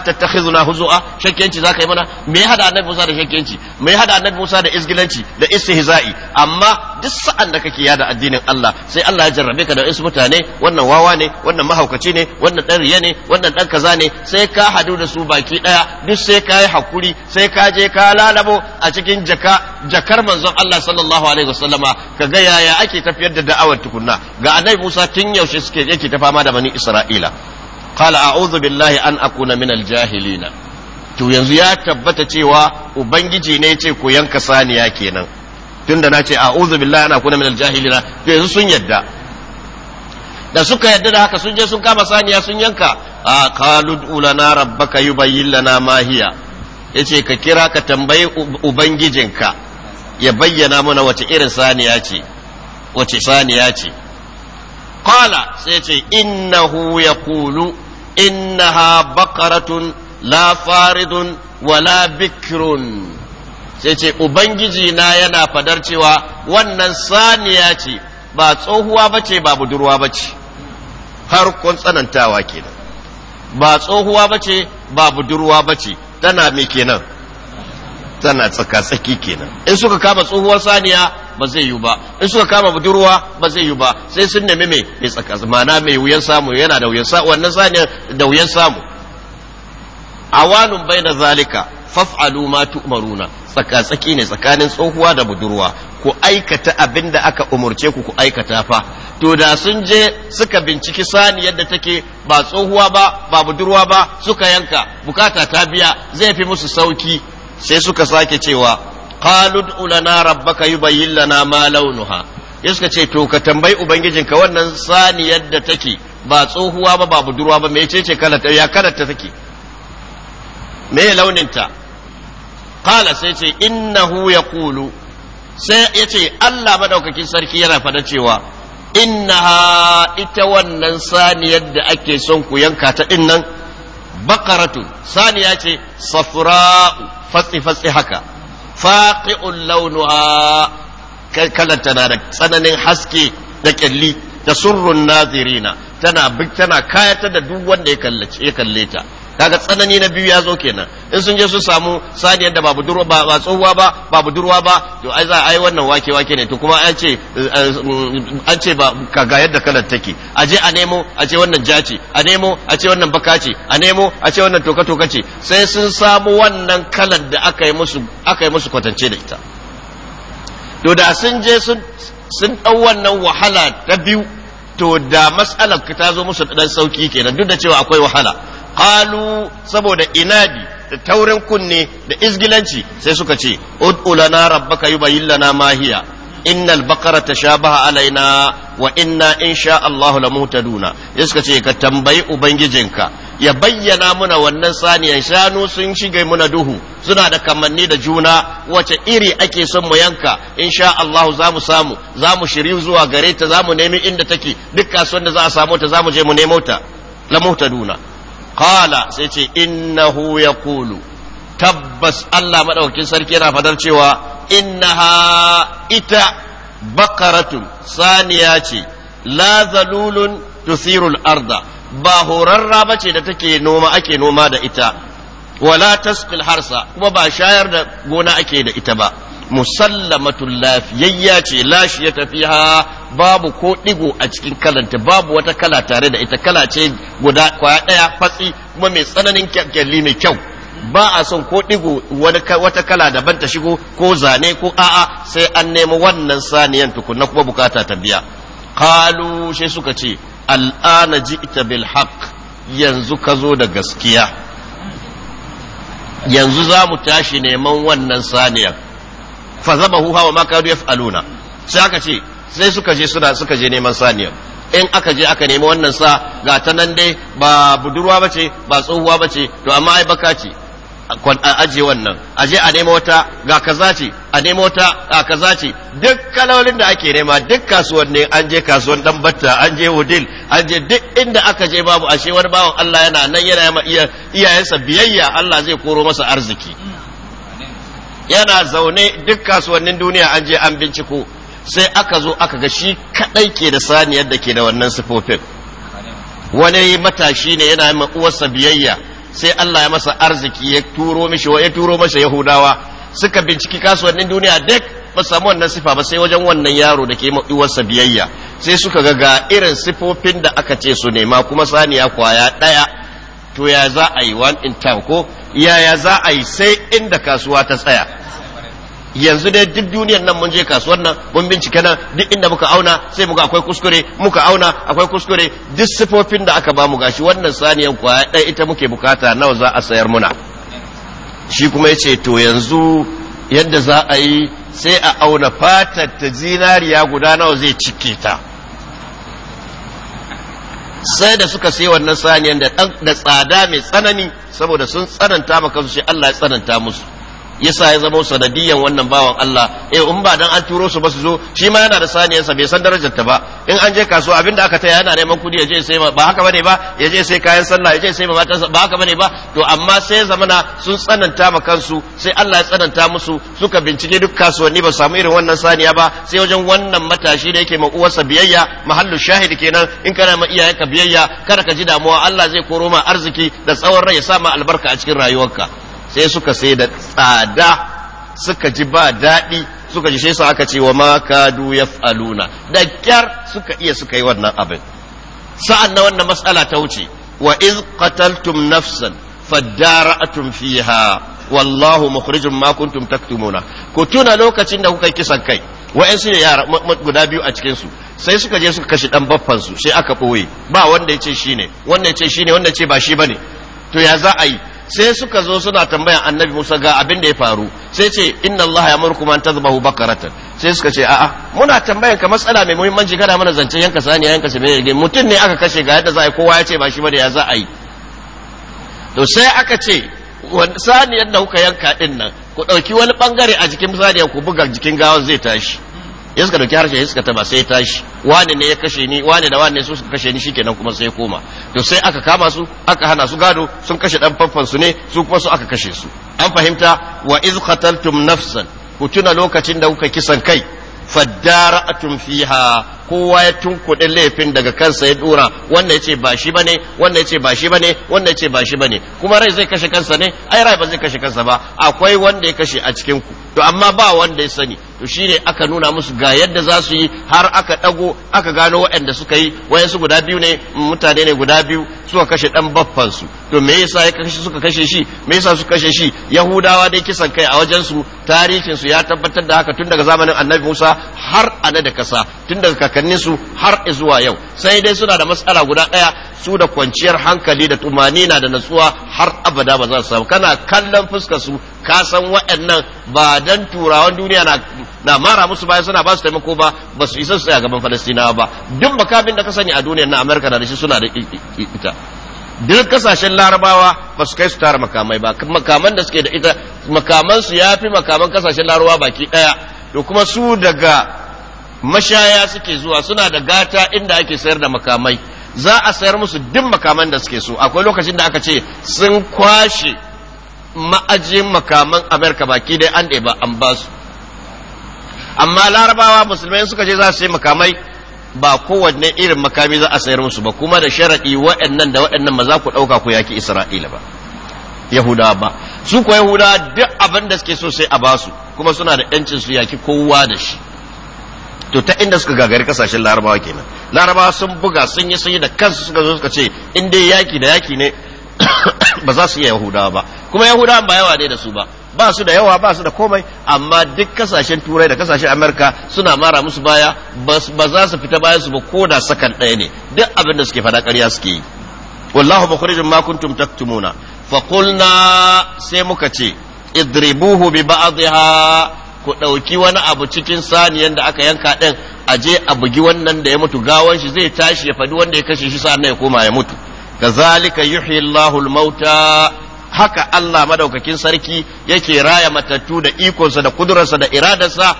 tattahizuna huzu'a shakkenci zaka yi mana me ya hada annabi Musa da shakkenci me ya hada annabi Musa da isgilanci da istihza'i amma duk sa'an da kake yada addinin Allah sai Allah ya jarrabe ka da wasu mutane wannan wawa ne wannan mahaukaci ne wannan dan riya ne wannan dan kaza ne sai ka hadu da su baki daya duk sai ka yi hakuri sai ka je ka lalabo a cikin jaka jakar manzon Allah sallallahu sallallahu alaihi wasallama ga yaya ake tafiyar da da'awar tukunna ga annabi Musa tun yaushe suke yake ta fama da bani Isra'ila qala a'udhu billahi an akuna minal jahilina to yanzu ya tabbata cewa ubangiji ne ya ce ku yanka saniya kenan tunda na ce a'udhu billahi an akuna minal jahilina to yanzu sun yadda da suka yadda da haka sun je sun kama saniya sun yanka a kalud ulana rabbaka yubayyin lana ma hiya yace ka kira ka tambayi ubangijinka ya bayyana mana wace irin saniya ce wace saniya ce qala sai ce innahu yaqulu innaha baqaratun la faridun wala bikrun sai ce ubangiji na yana fadar cewa wannan saniya ce ba tsohuwa bace ba budurwa bace har kun tsanantawa kenan ba tsohuwa bace ba budurwa bace tana me kenan tana tsaka-tsaki kenan in suka kama tsohuwar saniya ba zai yi ba in suka kama budurwa ba zai yi ba sai sun nemi mai mai tsaka mana mai wuyan samu yana da wuyan samu wannan saniya da wuyan samu awanun bai na zalika faf'alu ma tu'maruna tsaka-tsaki ne tsakanin tsohuwa da budurwa ku aikata abin da aka umurce ku ku aikata fa to da sun je suka binciki sani yadda take ba tsohuwa ba ba budurwa ba suka yanka bukata ta biya zai fi musu sauki sai suka sake cewa qalud ulana rabbaka yubayyin lana ma launuha ya ce to ka tambayi ubangijinka wannan saniyar da take ba tsohuwa ba ba budurwa ba kala kalata ya kalata take me launinta qala sai ce innahu yaqulu sai ya ce Allah madaukakin sarki yana fada cewa innaha ita wannan saniyar da ake son ku yanka ta dinnan baqaratun saniya ce safra'u fatsi fatsi haka faƙi'un launuwa kalar tana da tsananin haske da ƙyalli da surrun nazirina tana tana kayatar da duk wanda ya kalle ta kaga tsanani na biyu ya zo kenan in sun je su samu saniyar da ba budurwa ba tsohuwa ba ba budurwa ba to ai za yi wannan wake wake ne to kuma an ce eh, an ce ba ga yadda kalar take a je a nemo a ce wannan jaci a nemo a ce wannan baka a nemo a ce wannan toka toka ce sai sun samu wannan kalar da aka yi musu aka musu kwatance da ita to da sun je sun sun dau wannan wahala ta biyu to da mas'alar ta zo musu dan sauki kenan duk da cewa akwai wahala qalu saboda inadi da taurin kunne da izgilanci sai suka ce ud'ulana rabbaka yubayyin lana ma hiya innal baqara tashabaha alaina wa inna insha Allah la mutaduna suka ce ka tambayi ubangijinka ya bayyana muna wannan saniyan shanu sun shiga muna duhu suna da kamanni da juna wace iri ake son mu yanka insha Allah za mu samu za mu shiryu zuwa gare ta za mu nemi inda take duk kasuwan da za a samu ta za mu je mu nemo ta la mutaduna qala sai ce innahu yaqulu tabbas Allah madaukakin sarki yana fadar cewa innaha ita baqaratun saniya ce la zalulun tusirul arda ba horarra bace da take noma ake noma da ita wala tasqil harsa kuma ba shayar da gona ake da ita ba musallamatul lafiyayya ce lashiya tafiha babu ko digo a cikin kalanta babu wata kala tare da ita kala ce guda kwaya daya fatsi kuma mai tsananin kyalli mai kyau ba a son ko digo wata kala daban ta shigo ko zane ko a'a sai an nemi wannan saniyan tukunna kuma bukata ta biya qalu suka ce al'ana ji'ta bil haqq yanzu ka zo da gaskiya yanzu za mu tashi neman wannan saniyan. fa zabahu hawa ma kadu yaf'aluna sai aka ce sai suka je suna suka je neman saniya in aka je aka nemi wannan sa ga ta nan dai ba budurwa bace ba tsohuwa bace to amma ai baka ce a aje wannan aje a nemo wata ga kaza ce a nemo wata ga kaza ce duk kalolin da ake nema duk kasuwanni an je kasuwan dan batta an je hudil an je duk inda aka je babu ashe wani bawan Allah yana nan yana iyayensa biyayya Allah zai koro masa arziki yana zaune duk kasuwannin duniya an je an binciko sai aka zo aka ga shi kadai ke da saniyar da ke da wannan sifofin wani matashi ne yana yi uwarsa biyayya sai Allah ya masa arziki ya turo mishi ya turo masa Yahudawa suka binciki kasuwannin duniya duk ba samu wannan sifa ba sai wajen wannan yaro da ke uwarsa biyayya sai suka ga ga irin sifofin da aka ce su nema kuma saniya kwaya daya to ya za a yi one in town ko yaya za a yi sai inda kasuwa ta tsaya yanzu dai duk duniyar nan mun je kasuwar nan mun bincike nan duk inda muka auna sai muka akwai kuskure muka auna akwai kuskure duk sifofin da aka bamu gashi wannan saniyan kwaya ɗaya ita muke bukata nawa za a sayar muna shi kuma yace to yanzu yadda za a yi sai a auna fatar ta zinariya guda nawa zai cike ta sai da suka sai wannan saniyan da tsada mai tsanani saboda sun tsananta maka su shi Allah ya tsananta musu yasa ya zama sanadiyan wannan bawan Allah eh in ba dan an turo su ba su zo shi ma yana da saniyarsa bai san darajar ta ba in an je kasuwa abinda aka taya yana neman kudi ya je sai ba haka bane ba ya je sai kayan sallah ya je sai matansa ba haka bane ba to amma sai zamana sun tsananta ma kansu sai Allah ya tsananta musu suka bincike duk kasuwanni ba samu irin wannan saniya ba sai wajen wannan matashi da yake ma uwarsa biyayya mahallu shahid kenan in kana ma iyayenka biyayya kada ka ji damuwa Allah zai koro ma arziki da tsawon rai ya sa ma albarka a cikin rayuwarka sai suka sai da tsada suka ji ba daɗi suka ji su aka ce wa du ya yaf'aluna da kyar suka iya suka yi wannan abin sa'an na wannan matsala ta wuce wa iz qataltum nafsan fadara'atum fiha wallahu mukhrijum ma kuntum taktumuna ku tuna lokacin da kuka kisan kai wa'ansu ne yara guda biyu a cikinsu su sai suka je suka kashe dan baffan su sai aka ɓoye ba wanda ya ce shine wanda ya ce shine wanda ya ce ba shi bane to ya za a yi sai suka zo suna tambayan annabi Musa ga abin da ya faru sai ce inna Allah ya murku man tazbahu bakaratan sai suka ce a'a muna tambayan ka matsala mai muhimmanci kada mana zance yanka saniya yanka shi bai mutum ne aka kashe ga yadda za a yi kowa ya ce ba shi ba da ya za a yi to sai aka ce saniyar da kuka yanka din nan ku ɗauki wani bangare a jikin saniyar ku buga jikin gawan zai tashi ya suka dauki harshe ya suka taba sai tashi wani ne ya kashe ni wani da wani su suka kashe ni shikenan kuma sai koma to sai aka kama su aka hana su gado sun kashe dan faffan su ne su kuma su aka kashe su an fahimta wa iz qataltum nafsan ku tuna lokacin da kuka kisan kai faddara'atum fiha kowa ya tunkuɗe laifin daga kansa ya wanda wannan yace ba shi bane wannan yace ba shi bane wannan yace ba shi bane kuma rai zai kashe kansa ne ai rai ba zai kashe kansa ba akwai wanda ya kashe a cikin ku to amma ba wanda ya sani to shi ne aka nuna musu ga yadda za su yi har aka ɗago aka gano waɗanda suka yi wayansu guda biyu ne mutane ne guda biyu suka kashe ɗan baffansu to me yasa ya kashe suka kashe shi me yasa suka kashe shi yahudawa dai kisan kai a wajen su tarihin su ya tabbatar da haka tun daga zamanin annabi Musa har ana da kasa tun daga kakannin su har zuwa yau sai dai suna da matsala guda ɗaya su da kwanciyar hankali da tumani na da natsuwa har abada ba za su samu kana kallon fuskar su ka san waɗannan ba dan turawan duniya na na mara musu baya suna ba su taimako ba ba su isa su tsaya gaban falastinawa ba duk makamin da ka sani a duniyar na amerika da shi suna da ita duk kasashen larabawa ba su kai su tara makamai ba makaman da suke da ita makaman su ya fi makaman kasashen larabawa baki daya to kuma su daga mashaya suke zuwa suna da gata inda ake sayar da makamai za a sayar musu duk makaman da suke so akwai lokacin da aka ce sun kwashe ma'ajin makaman amerika baki dai an ba an ba su amma larabawa musulmai suka ce za su yi makamai ba kowanne irin makami za a sayar musu ba kuma da sharaɗi wa'annan da wa'annan ba za ku ɗauka ku yaki isra'ila ba yahudawa ba su kuwa yahudawa duk abin da suke so sai a basu kuma suna da yancin su yaki kowa da shi to ta inda suka gagari kasashen larabawa kenan larabawa sun buga sun yi sun yi da kansu suka zo suka ce in dai yaki da yaki ne ba za su iya yahudawa ba kuma yahudawa ba yawa ne da su ba ba su da yawa ba su da komai amma duk kasashen turai da kasashen amurka suna mara musu baya ba za su fita bayan su ba ko da sakan ɗaya ne duk abin da suke faɗa ƙarya suke yi wallahu ba ma kuntum taktumuna fa sai muka ce idribuhu bi ba'dha ku ɗauki wani abu cikin saniyan da aka yanka ɗin a je a bugi wannan da ya mutu gawan shi zai tashi ya faɗi wanda ya kashe shi sa'an ya koma ya mutu kazalika yuhyi Allahu al-mauta haka Allah madaukakin sarki yake raya matattu da ikonsa da kudurarsa da iradarsa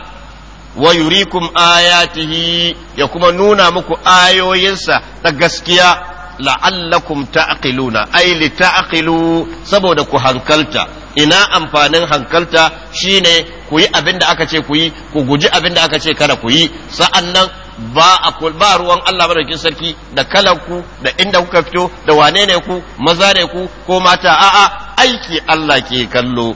wa yurikum ayatihi ya kuma nuna muku ayoyinsa da gaskiya la'allakum ta'qiluna ay li ta'qilu saboda ku hankalta ina amfanin hankalta shine ku yi abin da aka ce ku yi ku guji abin da aka ce kada ku yi sa'annan ba a ba ruwan Allah madaukin sarki da kalan ku da inda kuka fito da wane ne ku maza ne ku ko mata a'a aiki Allah ke kallo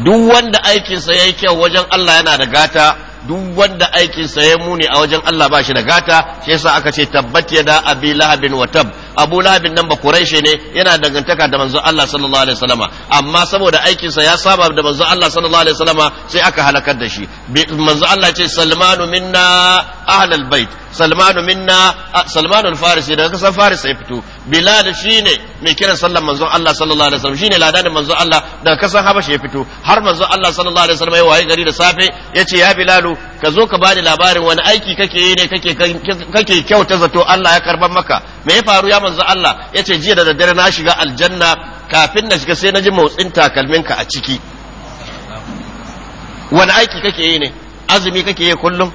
duk wanda aikinsa ya yi kyau wajen Allah yana da gata duk wanda aikinsa ya muni a wajen Allah ba shi da gata shi yasa aka ce tabbat yada abi lahabin wa tab abu labin nan ba quraishi ne yana dangantaka da manzo Allah sallallahu alaihi wasallama amma saboda aikinsa ya saba da manzo Allah sallallahu alaihi wasallama sai aka halakar da shi Manzo Allah ce salmanu minna ahlal bait salmanu minna salmanu al-farisi daga kasar faris ya fito bilal shine mai kiran sallan manzo Allah sallallahu alaihi wasallam shine ladanin manzo Allah daga kasar habasha ya fito har manzo Allah sallallahu alaihi wasallam ya waye gari da safe yace ya bilalu ka zo ka bada labarin wani aiki kake yi ne kake kyauta zato Allah ya karban maka me ya faru ya manzo Allah ya ce jiya da daddare na shiga aljanna kafin na shiga sai na ji motsin takalmin ka a ciki wani aiki kake yi ne azumi kake yi kullum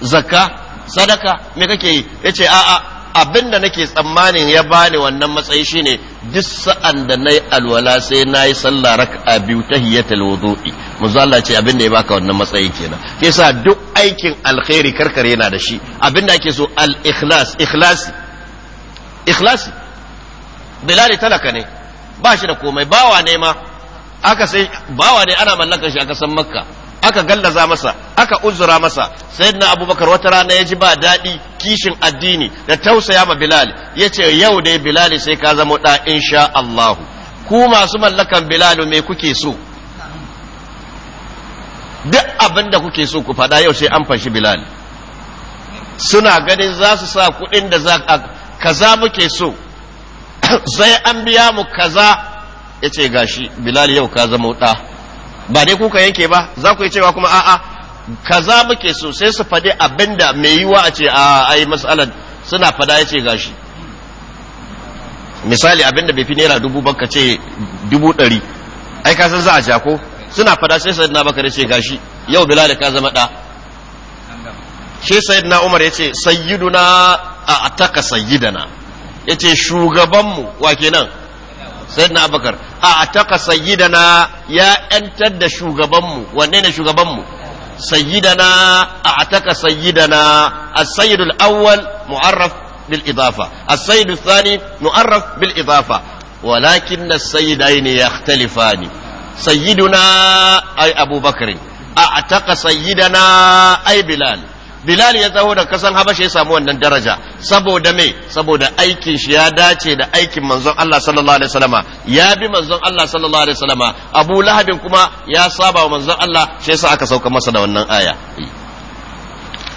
zakka sadaka me kake yi yace a'a Abin da nake tsammanin ya bani wannan matsayi shine duk sa'an da nayi alwala sai nayi sallah rak'a biyu tahiyatul wudu'i muzalla ce abin da ya baka wannan matsayi kenan sa duk aikin alkhairi karkare yana da shi Abin da ake so al ikhlas ikhlasi ikhlasi bilal talaka ne ba shi da komai bawa ne ma aka sai bawa ne ana mallakar shi aka san makka aka gallaza masa aka uzura masa sayyidina abubakar wata rana ya ji ba daɗi kishin addini da tausaya ma bilal ya ce yau dai bilal sai ka zama ɗa insha allahu ku masu mallakan bilal me kuke so duk abinda da kuke so ku faɗa yau sai an fashi bilal suna ganin za su sa kuɗin da za kaza muke so (coughs) sai an biya mu kaza ya ce gashi bilal yau ka zama ɗa ba dai kuka yanke ba za ku yi cewa kuma a'a kaza muke so sai su faɗi abinda mai yiwa a ce a ai matsalar suna fada ya ce gashi misali abinda bai fi naira dubu ba ka ce dubu ɗari ai ka san za a jako suna fada sai sai na bakar ce gashi yau bilal ka zama ɗa shi na umar ya ce sayyiduna a ataka sayyidana ya ce shugabanmu wa kenan sayyidina abubakar a ataka sayyidana ya yantar da shugabanmu wanne ne shugabanmu sayyidana a ataka sayyidana as-sayyid al-awwal mu'arraf bil idafa as-sayyid ath-thani mu'arraf bil idafa walakin ya sayyidain ni sayyiduna ay abubakar a ataka sayyidana ay bilal bilal ya tsaho da kasan habasha ya samu wannan daraja saboda me saboda aikin shi ya dace da aikin manzon Allah sallallahu alaihi wasallama ya bi manzon Allah sallallahu alaihi wasallama abu lahabin kuma ya saba wa manzon Allah shi yasa aka sauka masa da wannan aya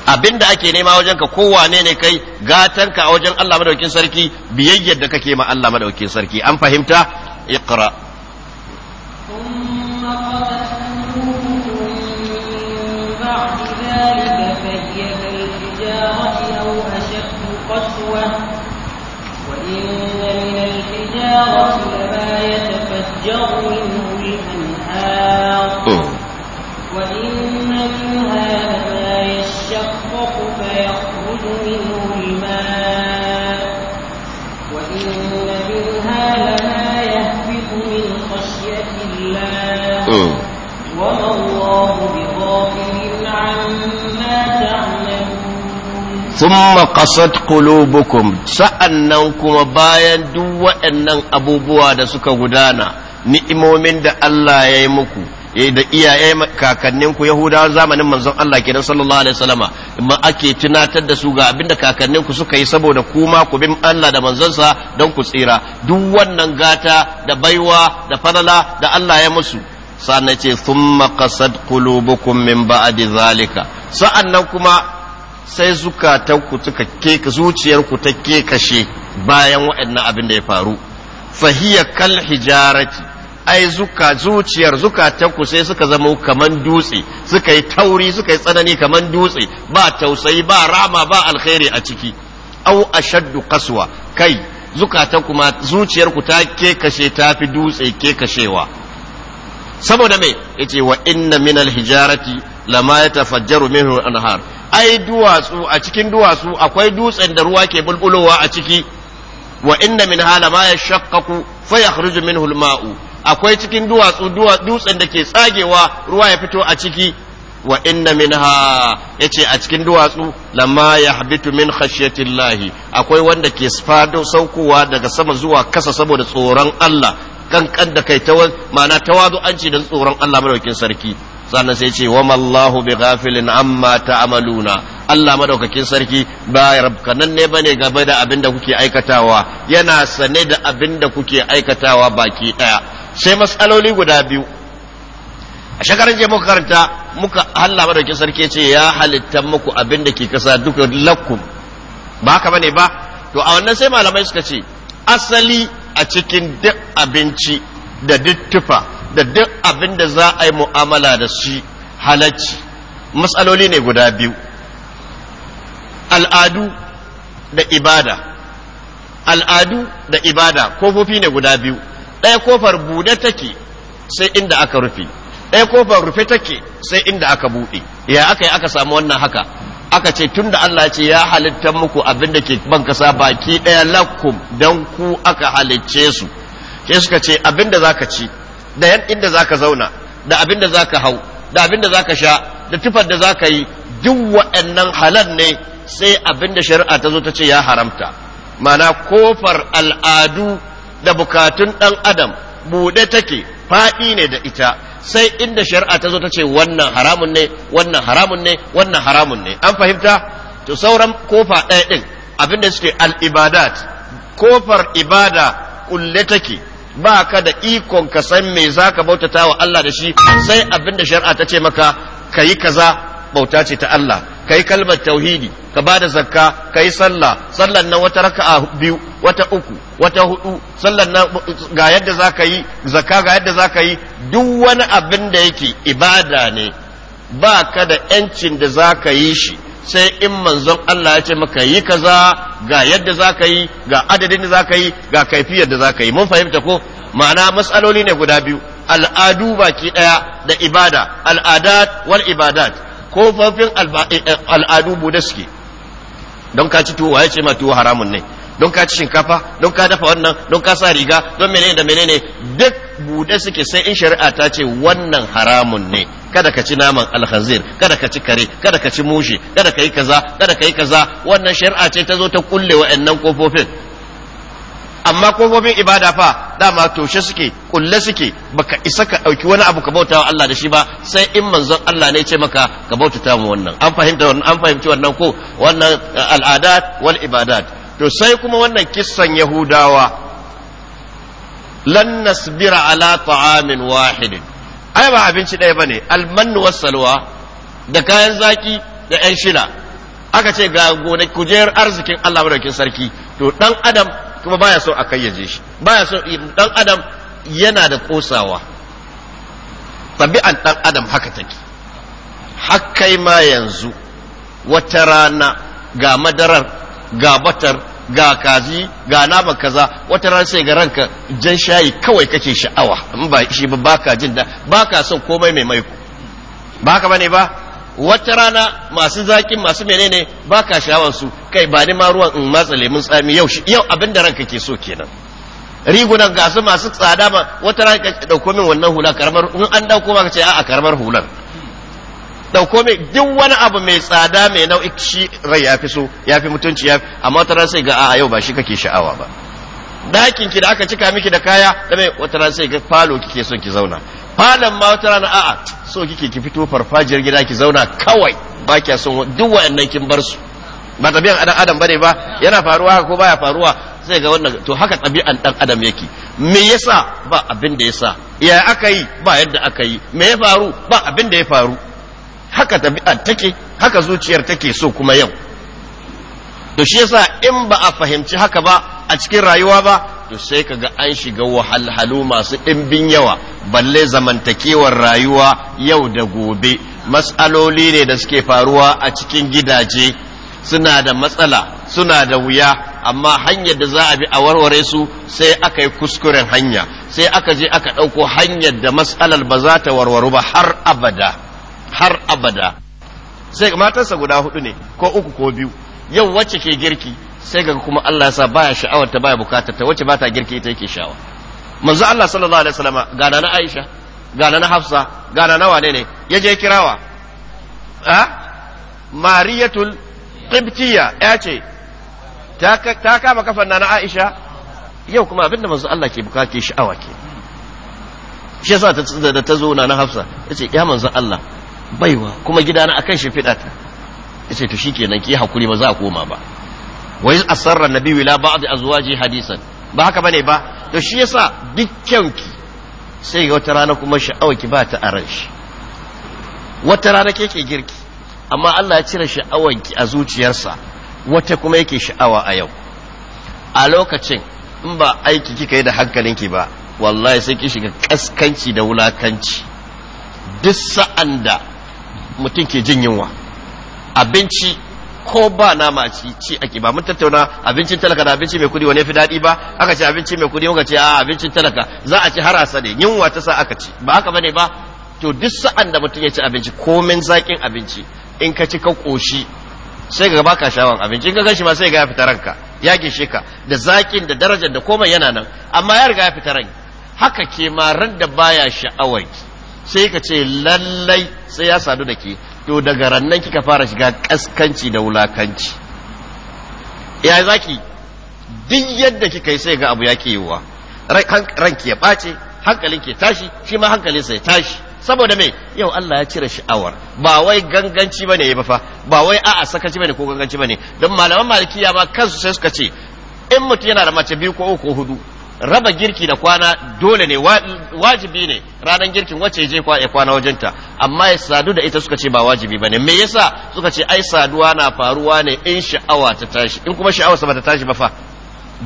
abinda ake nema wajen ka kowane ne kai gatanka a wajen Allah madaukin sarki biyayyar da kake ma Allah madaukin sarki an fahimta iqra إن من الحجارة لما يتفجر منه الأنهار وإن منها لما يشقق فيخرج منه الماء وإن منها لما يهبط من خشية الله وما الله بغافل عما ثم قصد قلوبكم sa'annan kuma bayan duk waɗannan abubuwa da suka gudana ni'imomin da Allah ya yi muku da iyaye kakanninku yahudawan zamanin manzon Allah ke kenan sallallahu alaihi wasallama amma ake tunatar da su ga abinda kakanninku suka yi saboda kuma ku bin Allah da manzonsa don ku tsira duk wannan gata da baiwa da falala da Allah ya musu sanace ce thumma qasad qulubukum min ba'di zalika sa'annan kuma sai zukatanku suka keka zuciyarku ta kekashe bayan waɗannan abin da ya faru fahiya kal hijarati ai zuka zuciyar zukatanku sai suka zama kaman dutse suka yi tauri suka yi tsanani kaman dutse ba tausayi ba rama ba alkhairi a ciki au ashaddu qaswa kai zukatanku ma zuciyarku ta kekashe ta fi dutse kekashewa saboda me yace wa inna minal hijarati lama yatafajjaru minhu anhar ai duwatsu a cikin duwatsu akwai dutsen da ruwa ke bulbulowa a ciki wa inna min hala ma yashaqqaqu fa yakhruju minhu al-ma'u akwai cikin duwatsu dutsen da ke tsagewa ruwa ya fito a ciki wa inna minha yace a cikin duwatsu lamma yahbitu min khashyatillahi akwai wanda ke sfado saukowa daga sama zuwa kasa saboda tsoron Allah kankan da kai ta ma'ana tawazu an ce don tsoron Allah madaukin sarki sannan sai ce wa Allahu bi ghafilin amma ta'maluna Allah madaukakin sarki ba rabkanan ne bane game da abin da kuke aikatawa yana sane da abin da kuke aikatawa baki daya sai matsaloli guda biyu a shekarun je muka karanta muka Allah madaukakin sarki ce ya halitta muku abin da ke kasa duka lakum ba haka bane ba to a wannan sai malamai suka ce asali a cikin duk abinci da duk tufa da duk abin da za a yi mu'amala da shi halacci matsaloli ne guda biyu al'adu da ibada al'adu da ibada kofofi ne guda biyu ɗaya kofar bude take sai inda aka rufe ɗaya kofar rufe take sai inda aka buɗe ya aka yi aka samu wannan haka aka ce tun da Allah ce ya halitta muku abin da ke ban kasa baki ɗaya lakum don ku aka halicce su ke suka ce abin da za ka ci da yan inda za ka zauna da abin da ka hau da abin da ka sha da tufar da za ka yi duk waɗannan halal ne sai abin da shari'a ta zo ta ce ya haramta mana kofar al'adu da bukatun ɗan adam buɗe take faɗi ne da ita sai inda shari'a ta zo ta ce wannan haramun ne wannan haramun ne wannan haramun ne an fahimta to sauran kofa ɗaya ɗin abinda suke al'ibadat kofar ibada ƙulle take ba ka da ikon ka san me za ka bautata wa Allah da shi sai abin da shari'a ta ce maka ka yi kaza bauta ce ta Allah ka yi kalmar tauhidi ka ba da zakka ka yi sallah sallan nan wata raka'a biyu wata uku wata hudu sallan nan ga yadda za ka yi zakka ga yadda za ka yi duk wani abin da yake ibada ne ba ka da 'yancin da za ka yi shi sai in manzon Allah ya ce maka yi kaza ga yadda za ka yi ga adadin da za ka yi ga kaifiyar da za ka yi mun fahimta ko ma'ana matsaloli ne guda biyu al'adu baki ɗaya da ibada al'adat wal ibadat ko fafin eh, eh, al'adu buda suke don ka ci tuwo ya ce ma tuwo haramun ne don ka ci shinkafa don ka dafa wannan don ka sa riga don menene da menene duk bude suke sai in shari'a ta ce wannan haramun ne kada ka ci naman alhazir kada ka ci kare kada ka ci mushi kada ka yi kaza kada ka yi kaza wannan shari'a ce ta zo ta kulle wa'annan kofofin amma kofofin ibada fa dama toshe suke kulle suke baka isa ka dauki wani abu ka bauta wa Allah da shi ba sai in manzon Allah ne ce maka ka bauta mu wannan an fahimta wannan an fahimci wannan ko wannan eh, al'adat wal ibadat to sai kuma wannan kissan yahudawa lan nasbira ala ta'amin wahidin ai ba abinci ɗaya bane almannu wassalwa da kayan zaki da yan shila aka ce ga gona kujerar arzikin Allah madaukin sarki to dan adam kuma baya so a kayyaje shi baya so dan adam yana da kosawa tabi'an dan adam haka take hakkai ma yanzu wata rana ga madarar ga batar ga kazi ga nama kaza wata ran sai ga ranka jan shayi kawai kake sha'awa in ba shi ba baka jin da baka son komai mai maiko ba bane ba wata rana masu zakin masu menene baka sha'awar su kai ba ni ma ruwan in matsa lemun tsami yau yau abin da ranka ke so kenan rigunan gasu masu tsada ma wata rana ka dauko min wannan hula karamar in an dauko ma ka ce a'a karamar hular. dauko mai duk wani abu mai tsada mai nau'i shi rai fi so ya fi mutunci ya fi amma wata ran sai ga a yau ba shi kake sha'awa ba dakin ki da aka cika miki da kaya da mai wata ran sai ga falo kike son ki zauna falon ma wata ran a'a so kike ki fito farfajiyar gida ki zauna kawai ba kya son duk wa'annan kin bar su ba tabiyan adam adam bane ba yana faruwa ko baya faruwa sai ga wannan to haka tabi'an dan adam yake me yasa ba abin da yasa ya aka yi ba yadda aka yi me ya faru ba abin da ya faru haka tabi'ar take haka zuciyar take so kuma yau to shi yasa in ba a fahimci haka ba a cikin rayuwa ba to sai ka ga an shiga wahalhalu masu ɗimbin yawa balle zamantakewar rayuwa yau da gobe matsaloli ne da suke faruwa a cikin gidaje suna da matsala suna da wuya amma hanyar da za a bi a warware su sai aka yi kuskuren hanya sai aka je aka ɗauko hanyar da matsalar ba za ta warwaru ba har abada har abada sai matarsa guda hudu ne ko uku ko biyu yau wacce ke girki sai ga kuma Allah ya sa baya sha'awar ta baya bukatar ta wacce bata girki ita yake sha'awa manzo Allah sallallahu alaihi wasallama ga na Aisha ga na Hafsa ga na wane ne yaje kirawa a Mariyatul Qibtiyya ya ce ta kama kafan na Aisha yau kuma abinda manzo Allah ke buƙata ke sha'awa ke shi yasa da ta zo na Hafsa ce ya manzo Allah baiwa kuma gidana akan shi fida ta yace to shikenan ki hakuri ba za a koma ba wa asarra nabiyyu ila ba'd azwaji hadisan ba haka bane ba to shi yasa dukkan ki sai ga wata rana kuma sha'awa ki ba ta aran shi wata rana ke ke girki amma Allah ya cire sha'awarki a zuciyarsa wata kuma yake sha'awa a yau a lokacin in ba aiki kika yi da hankalinki ba wallahi sai ki shiga kaskanci da wulakanci duk sa'an da mutum ke jin yunwa abinci ko ba nama a ci ake ba mun tattauna abincin talaka da abinci mai kudi wani fi daɗi ba aka ce abinci mai kudi muka ce a abincin talaka za a ci har a sade yunwa ta sa aka ci ba haka bane ba to duk sa'an da mutum ya ci abinci komen zaƙin abinci in ka ci ka ƙoshi sai ga baka shawan abinci in ka gan shi ma sai ga ya fita ranka ya gishe ka da zaƙin da darajar da komai yana nan amma ya riga ya fita ranki haka ke ma ran da baya sha'awai. sai ka ce lallai sai ya sadu da ke to daga rannan kika fara shiga kaskanci da wulakanci ya zaki duk yadda kika yi sai ga abu ya ke yiwuwa ranki ya ɓace hankalin ke tashi shi ma hankalin ya tashi saboda me yau Allah ya cire sha'awar ba wai ganganci bane ya fa ba wai a'a sakaci bane ko ganganci bane don malaman malikiya ba kansu sai suka ce in mutum yana da mace biyu ko uku hudu raba girki da kwana dole ne wajibi ne ranar girkin wacce je ya kwana wajenta amma ya sadu da ita suka ce ba wajibi ba ne me yasa suka ce ai saduwa na faruwa ne in sha'awa ta tashi in kuma sha'awa ba ta tashi ba fa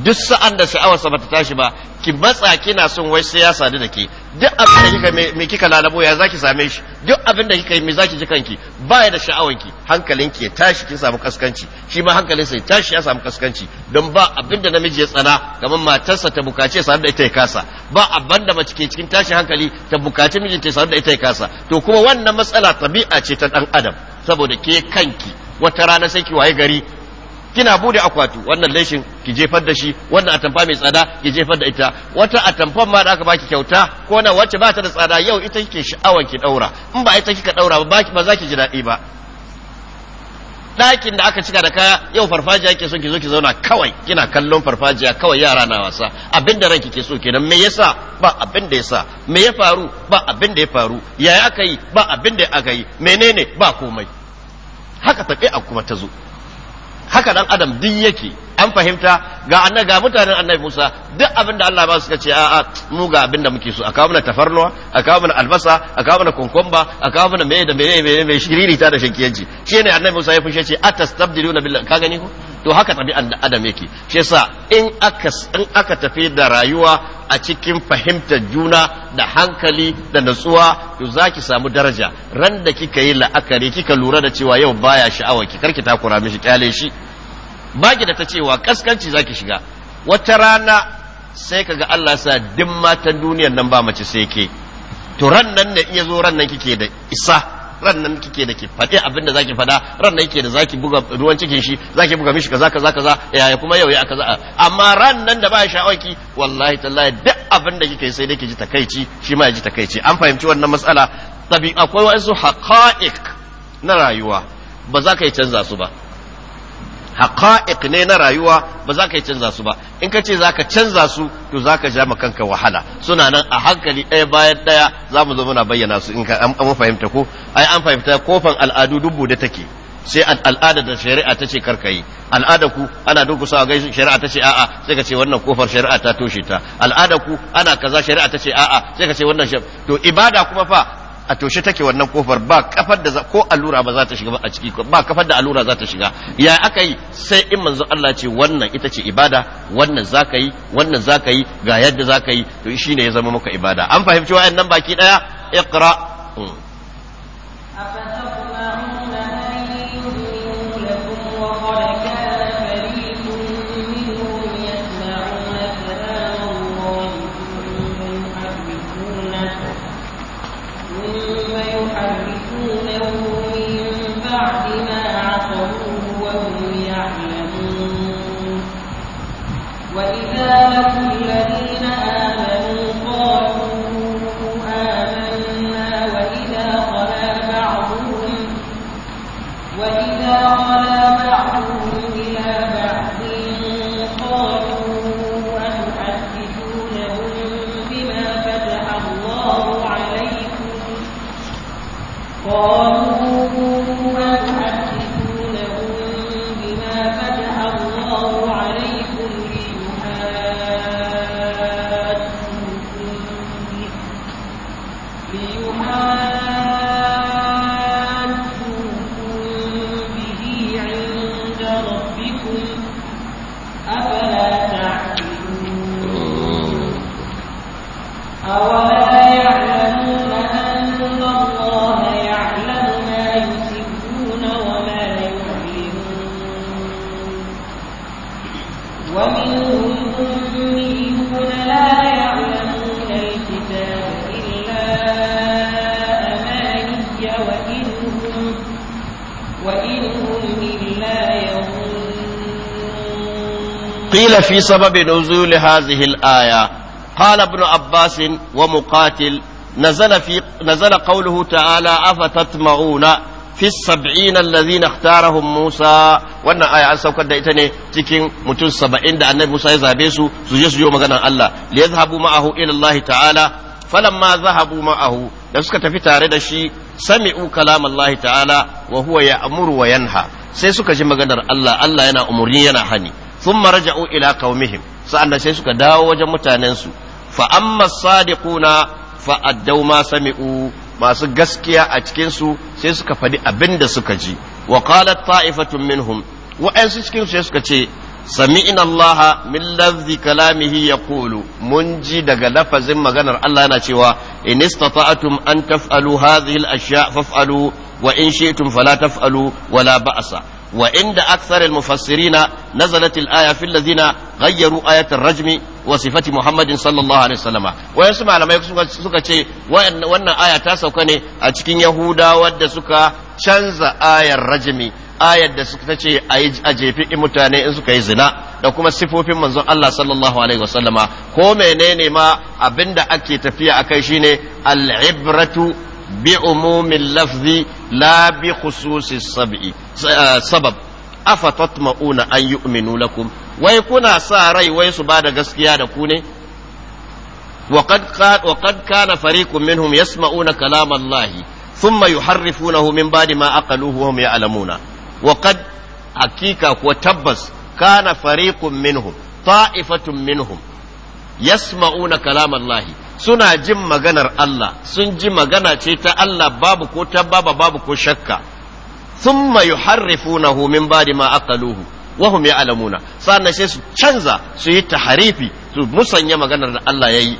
duk sa'an da sha'awarsa bata tashi ba ki matsa kina son wai sai ya sadu da ke duk abin da kika me kika lalabo ya zaki same shi duk abin da kika yi me zaki ji kanki baya da sha'awanki hankalinki ya tashi kin samu kaskanci shi ma hankalinsa ya tashi ya samu kaskanci don ba abin da namiji ya tsana kamar matarsa ta bukace sadu da ita ya kasa ba abin da mace ke cikin tashi hankali ta bukace mijinta ya sadu da ita ya kasa to kuma wannan matsala tabi'a ce ta dan adam saboda ke kanki wata rana sai ki waye gari kina bude akwatu wannan leshin ki jefar da shi wannan atamfa mai tsada ki jefar da ita wata atamfan ma da aka baki kyauta ko na wacce ba ta da tsada yau ita kike sha'awar ki daura in ba ita kika daura ba ba za ki ji daɗi ba ɗakin da aka cika da kaya yau farfajiya ke son ki zo ki zauna kawai kina kallon farfajiya kawai yara na wasa abinda ranki ke so kenan me yasa ba abin da yasa me ya faru ba abin da ya faru yaya aka yi ba abin da aka yi menene ba komai haka tafi a kuma ta zo haka dan adam duk yake an fahimta ga annabi ga mutanen annabi Musa duk abin da Allah ba su ce a a mu ga abin da muke so a mana tafarnuwa a kawo mana albasa a kawo mana kunkumba a kawo mana meye da meye meye mai shiriri ta da shine annabi Musa ya fushe ce atastabdiluna billahi ka gani ko to haka tabi'an da adam yake shi yasa in aka in aka tafi da rayuwa a cikin fahimtar juna da hankali da natsuwa to za ki samu daraja ran da kika yi la'akari kika lura da cewa yau baya sha'awar ki karki takura mishi kyale shi baki da ta cewa kaskanci za ki shiga wata rana sai ka ga Allah sa duk matan duniyar nan ba mace sai ke to ran nan ne iya zo ran nan kike da isa ran nan kike da ki faɗi abin da zaki faɗa ran nan yake da zaki buga ruwan cikin shi zaki buga mishi kaza kaza kaza yaya kuma yau ya kaza amma ran nan da ba sha'awaki wallahi tallahi duk abin da kike sai da ki ji takaici shi ma ya ji takaici an fahimci wannan matsala tabi akwai wasu haqa'iq na rayuwa ba za ka yi canza su ba haqa'iq ne na rayuwa ba za ka yi canza su ba in ka ce za ka canza su to za ka ja ma kanka wahala suna nan a hankali ɗaya bayan ɗaya za mu zo muna bayyana su in ka an fahimta ko ai an fahimta kofan al'adu dubu da take sai al'ada da shari'a ta ce karka yi al'ada ku ana duk a ga shari'a ta ce a'a sai ka ce wannan kofar shari'a ta toshe ta al'ada ku ana kaza shari'a ta ce a'a sai ka ce wannan to ibada kuma fa a toshe take wannan kofar ba kafar da ko allura ba za ta shiga ba a ciki ba kafar da allura za ta shiga ya aka yi sai in manzo Allah ce wannan ita ce ibada wannan zaka yi wannan zaka yi ga yadda zaka yi to shi ne ya zama maka ibada an fahimci wa'annan baki daya iqra mm. الله قيل في سبب نزول هذه الآية قال ابن عباس ومقاتل نزل, في نزل قوله تعالى أفتطمعون في السبعين الذين اختارهم موسى wannan aya an saukar da ita ne cikin mutum saba'in da annabi Musa ya zabe su su je su yi maganar Allah li yadhhabu ma'ahu ila Allah ta'ala falamma zahabu ma'ahu da suka tafi tare da shi sami'u kalam Allah ta'ala wa yanha sai suka ji maganar Allah Allah yana umurni yana hani sun maraja'u ila qaumihim sa'annan sai suka dawo wajen mutanensu fa amma sadiquna fa addau ma sami'u masu gaskiya a cikinsu sai suka faɗi abin da suka ji wa qalat ta'ifatun minhum wa'ansu cikin suka ce sami'na Allah min lafzi kalamihi yaqulu mun ji daga lafazin maganar Allah na cewa in istata'tum an taf'alu hadhihi al-ashya faf'alu wa in shi'tum fala taf'alu wala ba'asa. وعند أكثر المفسرين نزلت الآية في الذين غيروا آية rajimi وصفة محمد صلى الله عليه وسلم ويسمع لما suka ce wannan aya ta sauka ne a cikin yahudawa da suka canza ayar rajimi ayar da suka ce a jefi mutane in suka yi zina da kuma sifofin manzon Allah sallallahu alaihi wasallama ko menene ma abinda ake tafiya a akai shine al-ibratu bi umumin lafzi la bi khususi sab'i sabab afa tatma'una an yu'minu lakum wai kuna sa rai wai su bada gaskiya da ku ne وقد كان فريق منهم يسمعون كلام الله ثم يحرفونه من بعد ما أقلوه وهم يعلمون وقد حقيقة وتبس كان فريق منهم طائفة منهم يسمعون كلام الله suna jin maganar Allah sun ji magana ce ta Allah babu ko tabbaba babu ko shakka thumma yuharrifunahu min ba'di ma aqaluhu wa hum ya'lamuna sannan sai su canza su yi taharifi su musanya maganar da Allah yayi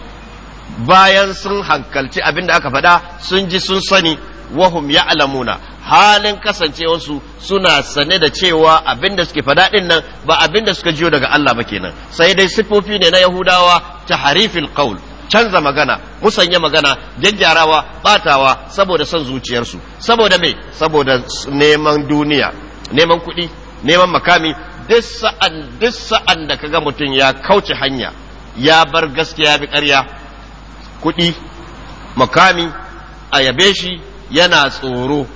bayan sun hankalci abin da aka faɗa sun ji sun sani hum ya'lamuna halin kasancewarsu suna sane da cewa abin da suke faɗa ɗin nan ba abin da suka jiyo daga Allah ba kenan sai dai siffofi ne na Yahudawa ta ka'ul. canza magana musanya magana gyaggyarawa batawa saboda son zuciyarsu saboda mai saboda neman duniya neman kuɗi neman makami duk sa'an duk sa'an da kaga mutum ya kauce hanya ya bar gaskiya bi ƙarya kuɗi makami a shi yana tsoro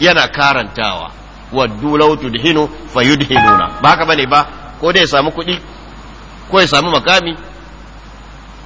yana karantawa waddu law tudhinu fayudhinuna ba haka bane ba ko dai ya samu kuɗi ko ya samu makami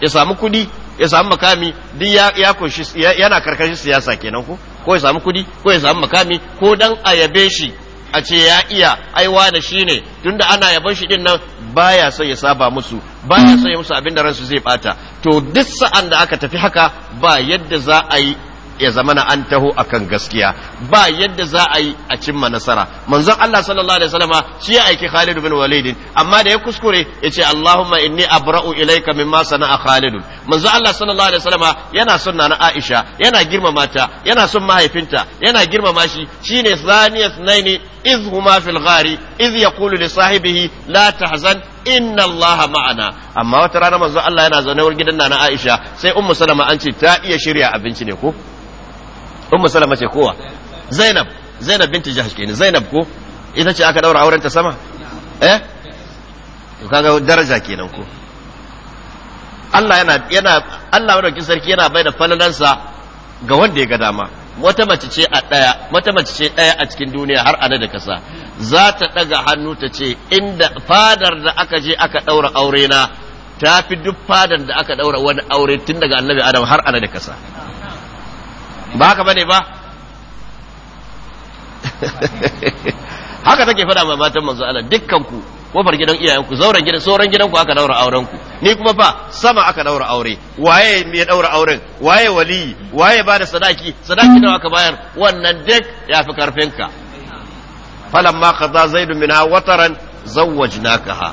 ya samu kudi ya samu makami duk ya ya kunshi yana karkashin siyasa kenan ko ko ya samu kudi ko ya samu makami ko dan a yabe shi a ce ya iya aiwa da shi ne tunda ana yaban shi din nan baya son ya saba musu baya son ya musu abin da ransu zai bata to duk sa'an da aka tafi haka ba yadda za a yi ya zama na an taho akan gaskiya ba yadda za a yi a cimma nasara manzon Allah sallallahu alaihi wasallama shi ya aiki Khalid bin Walid amma da ya kuskure ya ce Allahumma inni abra'u ilayka mimma sana'a Khalid manzon Allah sallallahu alaihi wasallama yana son na Aisha yana girmama ta yana son mahaifinta yana girmama shi shine zaniyat naini iz huma fil ghari iz yaqulu li sahibihi la tahzan inna Allah ma'ana amma wata rana manzo Allah yana zaune wurin gidan nana Aisha sai ummu Salama an ce ta iya shirya abinci ne ko ummu salama ce kowa zainab zainab binti jahsh kenan zainab ko ita ce aka daura auren ta sama eh to kaga daraja kenan ko Allah yana yana Allah kin sarki yana bai da falalansa ga wanda ya ga dama wata mace ce a daya wata mace ce daya a cikin duniya har ana da kasa za ta daga hannu ta ce inda fadar da aka je aka daura aure na ta fi duk fadar da aka daura wani aure tun daga annabi adam har ana da kasa ba haka bane ba haka take faɗa ma matan manzo Allah dukkan ku kofar gidan iyayenku zauren gidan sauran gidanku aka daura auren ku ni kuma fa sama aka daura aure waye me ya daura auren waye wali waye ba da sadaki sadaki nawa aka bayar wannan duk yafi ka falamma qada zaidu minha wataran zawwajnakaha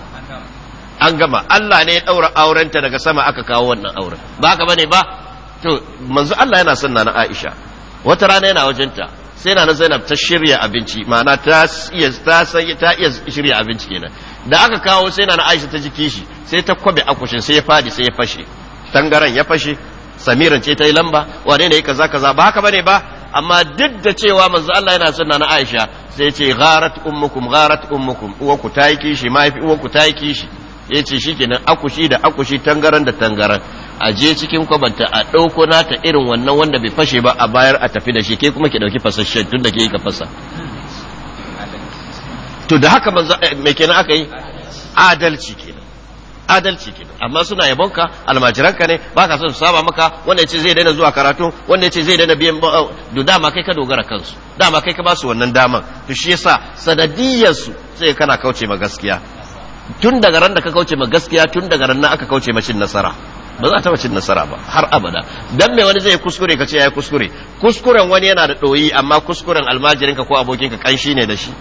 an gama Allah ne ya daura aurenta daga sama aka kawo wannan auren ba ka bane ba to manzo Allah yana son na Aisha wata rana yana wajenta sai na Zainab ta shirya abinci ma'ana ta iya ta san ta iya shirya abinci kenan da aka kawo sai na Aisha ta ji kishi sai ta kwabe akushin sai ya fadi sai ya fashe tangaran ya fashe samiran ce ta yi lamba wane ne kaza kaza ba haka bane ba amma duk da cewa manzo Allah yana sunna na Aisha sai ce gharat ummukum gharat ummukum ku ta yi kishi mahaifi ku ta yi kishi yace shikenan akushi da akushi tangaran da tangaran a je cikin kwabanta a ɗauko nata irin wannan wanda bai fashe ba a bayar a tafi da shi ke kuma ki ɗauki fasashen tun da ke yi ka fasa to da haka manzo eh, mai kenan aka yi adalci kenan adalci kenan amma suna yabonka almajiranka ne ba ka son su saba maka wanda yace zai daina zuwa karatu wanda yace zai daina biyan da oh, oh, dama kai ka dogara kansu dama kai ka basu wannan daman to shi yasa sanadiyar su sai kana kauce ma gaskiya tun daga ran da ka kauce ma gaskiya tun daga ran aka kauce ma cin nasara ba za ta cin nasara ba har abada dan me wani zai kuskure ka ce ya kuskure kuskuren wani yana da ɗoyi amma kuskuren almajirin ka ko abokin ka kanshi ne da shi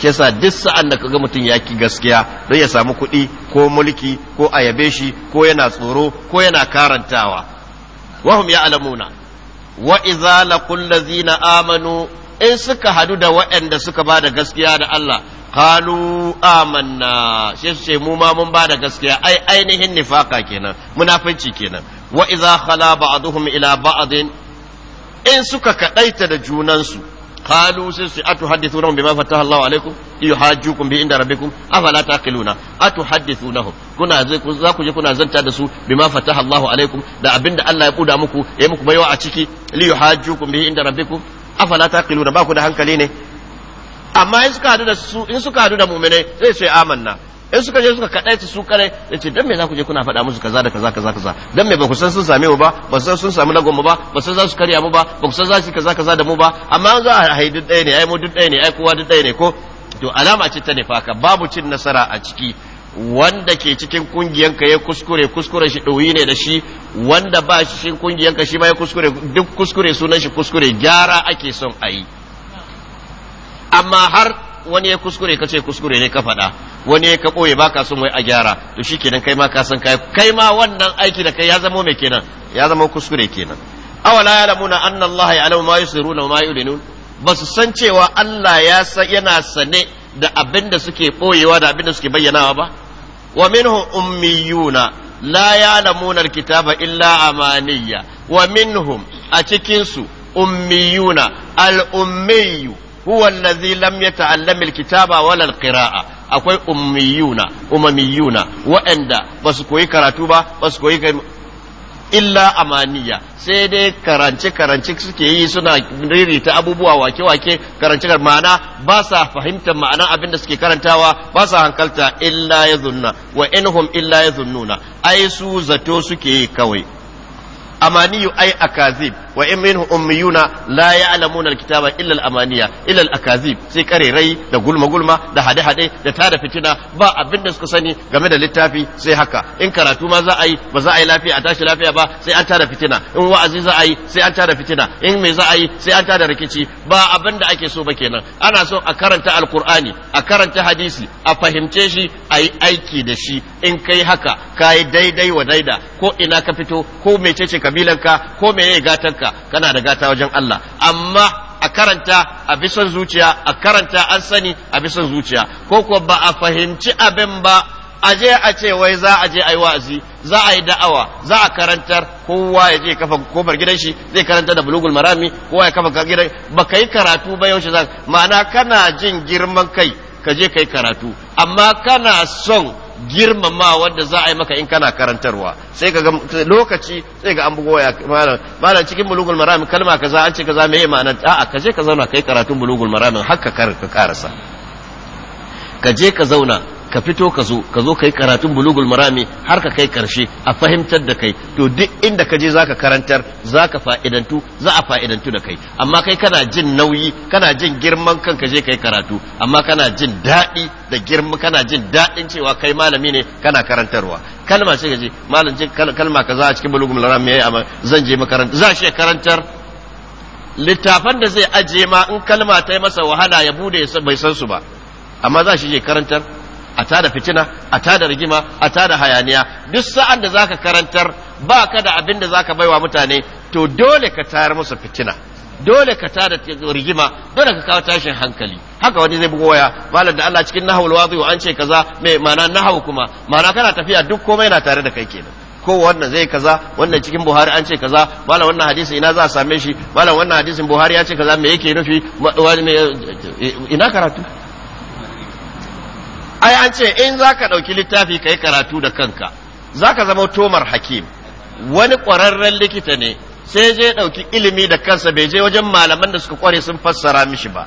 ke sa duk sa'an da kaga mutum ya ki gaskiya don ya samu kuɗi ko mulki ko a shi ko yana tsoro ko yana karantawa wahum ya alamuna wa idza laqul ladzina amanu in suka hadu da waɗanda suka ba da gaskiya da Allah kalu amanna shi ce mu ma mun ba da gaskiya ai ainihin nifaka kenan munafici kenan wa idza khala ba'dhum ila ba'din in suka kadaita da junansu kalu sai su atuhaddithunahum bima fataha Allah alaikum yuhajjukum bi inda rabbikum afala taqiluna atuhaddithunahum kuna zai ku za ku je kuna zanta da su bima fataha Allah alaikum da abinda Allah ya kuda muku yayi muku baiwa a ciki li yuhajjukum bi inda rabbikum afala ta da ba ku da hankali ne amma in suka hadu da su in suka hadu da mu'minai sai su amanna in suka je suka kadaita su kare da ce dan me za ku je kuna faɗa musu kaza da kaza kaza kaza dan me ba ku san sun same mu ba ba san sun samu lagon mu ba ba san za su karya mu ba ba ku san za su kaza kaza da mu ba amma za a haidu ɗaya ne ai mu duk ɗaya ne ai kowa duk ɗaya ne ko to alama ce ta nifaka babu cin nasara a ciki wanda ke cikin kungiyanka ya kuskure kuskure shi ɗoyi ne da shi wanda ba shi cikin kungiyanka shi ma ya kuskure duk kuskure sunan shi kuskure gyara ake son a yi amma har wani ya kuskure kace kuskure ne ka faɗa wani ya kaɓo ya ka son wai a gyara to shi kenan kai ma ka san kai kai ma wannan aiki da kai ya zama mai kenan ya zama kuskure kenan awala na anna allaha alamu ma yusiruna wa ma ba su san cewa Allah ya san yana sane da abin da suke ɓoyewa da abin da suke bayyanawa ba wa minhum ummiyuna la lamunar kitaba illa amaniya wa minhum a cikin su ummiyuna al-ummiyu huwa allazi lam yata'allam alkitaba wala alqira'a akwai ummiyuna umamiyuna wa'anda basu koyi karatu ba basu koyi illa amaniya sai dai karance karance suke yi suna ririta abubuwa wake wake karanci ma'ana ba sa fahimtar ma'anar abin da suke karantawa ba sa hankalta illa ya zunna wa inhum illa ya zunnuna ai su zato suke yi kawai amaniyu ai akazib wa in minhu ummiyuna la ya'lamuna alkitaba illa al-amaniya illa al-akazib sai rai da gulma gulma da hade hade da tada fitina ba abin da suka sani game da littafi sai haka in karatu ma za a yi ba za a yi lafiya a tashi lafiya ba sai an tada fitina in wa'azi za a yi sai an tada fitina in me za a yi sai an tada rikici ba abin da ake so ba kenan ana so a karanta alkur'ani a karanta hadisi a fahimce shi a yi aiki da shi in kai haka ka yi daidai wa daida ko ina ka fito ko mecece kabilanka ko meye gatanka haka kana da gata wajen Allah amma a karanta a bisan zuciya a karanta an sani a bisan zuciya ko kuwa ba a fahimci abin ba a je a ce wai za a je a yi wa'azi za a yi da'awa za a karantar kowa ya je kafa kofar gidan shi zai karanta da bulugul marami kowa ya kafa gidan ba ka yi karatu ba yaushe za ma'ana kana jin girman kai ka je ka yi karatu amma kana son girmama wanda za a yi maka in kana karantarwa sai ka lokaci sai ga an bugo ya malam malam cikin bulugul maram kalma kaza an ce kaza me ma'ana a'a ka je ka zauna kai karatun bulugul maram kar ka karasa ka je ka zauna ka fito ka zo ka zo kai karatun bulugul marami har ka kai karshe a fahimtar da kai to duk inda ka je zaka karantar zaka fa'idantu za a fa'idantu da kai amma kai kana jin nauyi kana jin girman kanka je kai karatu amma kana jin daɗi da girma kana jin daɗin cewa kai malami ne kana karantarwa kalma ce ka je malam kalma ka za a cikin bulugul marami yayi amma zan je makaranta za shi karantar littafan da zai ajiye ma in kalma ta yi masa wahala ya bude bai san su ba amma za shi je karantar a tada fitina a tada rigima a tada hayaniya duk sa'an da zaka karantar ba ka da abin da zaka baiwa mutane to dole ka tayar musu fitina dole ka tada rigima dole ka kawo tashin hankali haka wani zai bugo waya malam da Allah cikin nahawul wadi an ce kaza mai ma'ana nahawu kuma ma'ana kana tafiya duk komai na tare da kai kenan ko wannan zai kaza wannan cikin buhari an ce kaza malam wannan hadisi ina za a same shi malam wannan hadisin buhari ya ce kaza me yake nufi eh, ina karatu ai an ce in za ka ɗauki littafi ka yi karatu da kanka za ka zama tomar hakim wani ƙwararren likita ne sai je ɗauki ilimi da kansa bai je wajen malaman da suka ƙware sun fassara mishi ba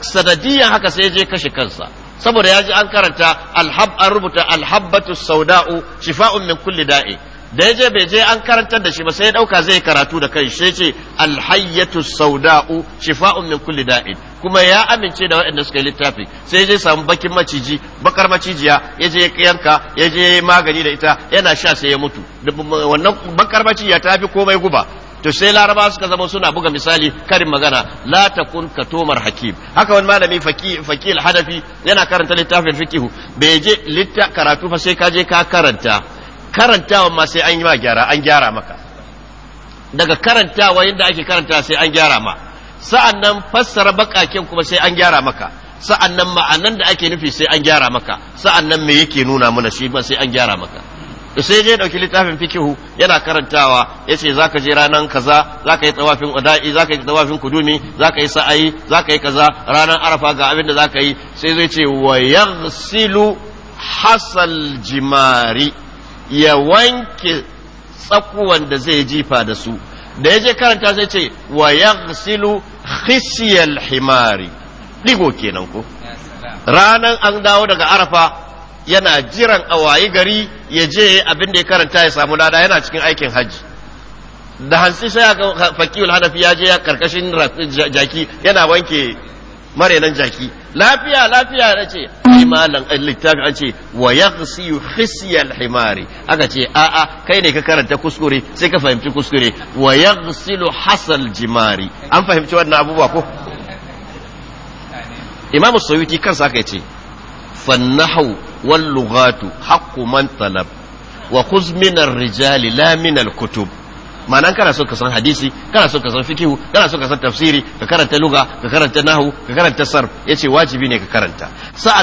sanadiyan haka sai je kashe kansa saboda ya ji an karanta alhab an rubuta alhabbatu sauda'u shifa'un min kulli da'i da ya je bai je an karantar da shi ba sai ya ɗauka zai karatu da kai sai ce alhayyatu sauda'u shifa'un min kulli da'in kuma ya amince da waɗanda suka yi littafi sai je samu bakin maciji bakar macijiya ya je yanka ya je magani da ita yana sha sai ya mutu wannan bakar macijiya ta fi komai guba to sai laraba suka zama suna buga misali karin magana la takun ka tomar hakim haka wani malami fakil hadafi yana karanta littafin fikihu bai je litta karatu fa sai ka je ka karanta karantawa ma sai an yi ma gyara an gyara maka daga karantawa yadda ake karanta sai an gyara ma sa'an nan fassara bakaken kuma sai an gyara maka sa'an nan ma'anan da ake nufi sai an gyara maka sa'an nan me yake nuna mana shi ba sai an gyara maka sai je dauki littafin fikihu yana karantawa yace ka je ranar kaza za ka yi tsawafin uda'i ka yi tsawafin kudumi ka yi sa'ayi za ka yi kaza ranar arafa ga abin da za ka yi sai zai ce wa yaghsilu hasal jimari ya wanke tsakuwan da zai jifa da su da ya je karanta sai ce wa silu hisiyar himari digo kenan ko ranan an dawo daga arafa yana jiran awayi gari ya je abin da ya karanta ya samu lada yana cikin aikin hajji da hansi sai ga fakiul hanafi ya je ya karkashin jaki yana wanke marainan jaki lafiya lafiya na ce ai malam an ce wa yaghsi hisyal himari aka ce a'a kai ne ka karanta kuskure sai ka fahimci kuskure wa yaghsilu hasal jimari an fahimci wannan abubuwa ko imam suyuti kansa aka ce fannahu wal lughatu haqqu man talab wa khuz min ar-rijali la min al-kutub ma'anan kana so ka san hadisi kana so ka san fikihu kana so ka san tafsiri ka karanta luga ka karanta nahu ka karanta sarf yace wajibi ne ka karanta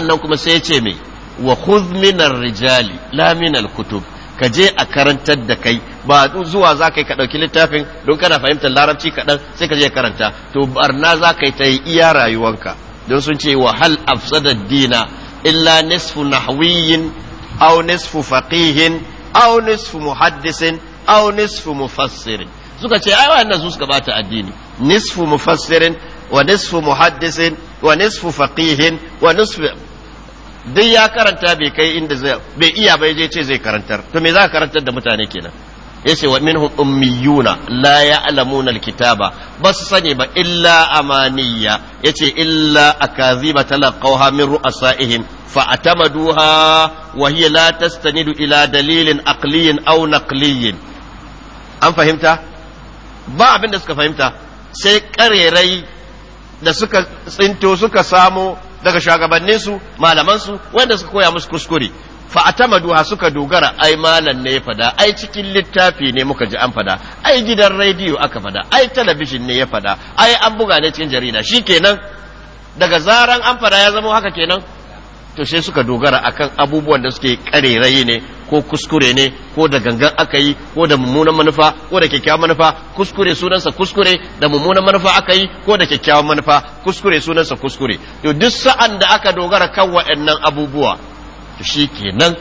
nan kuma sai yace me wa khudh min rijali la min al-kutub ka je a karantar da kai ba zuwa za ka yi ka ɗauki littafin don kana fahimtar larabci kaɗan sai ka je karanta to barna za ka yi ta yi iya rayuwanka don sun ce wa hal afsada dina illa nisfu nahwiyin aw nisfu faqihin aw nisfu muhaddisin Au nisfu mufassirin suka ce ai wannan su suka bata addini nisfu mufassirin wa nisfu muhaddisin wa nisfu faqihin wa nisfu duk ya karanta bai kai inda zai bai iya bai je ce zai karantar to me za ka karantar da mutane kenan yace wa minhum ummiyuna la ya'lamuna alkitaba bas sani ba illa amaniya yace illa akaziba talaqawha min ru'asaihim fa atamaduha wa hiya la tastanidu ila dalilin aqliyin aw naqliyin an fahimta ba abin da suka fahimta sai ƙarerai da suka tsinto suka samo daga shugabanninsu malamansu wanda suka koya musu kuskure duha suka dogara ai malam ne ya fada ai cikin littafi ne muka ji an fada ai gidan rediyo aka fada ai talabijin ne ya fada ai an buga ne cikin jarida shi kenan daga zaran an fada ya zama haka kenan to sai suka dogara akan abubuwan da suke karerayi ne ko kuskure ne ko da gangan aka yi ko da mummunan manufa ko da kyakkyawan manufa kuskure sunansa kuskure da mummunan manufa aka yi ko da kyakkyawan manufa kuskure sunansa kuskure to duk sa'an da aka dogara kan waɗannan abubuwa to kenan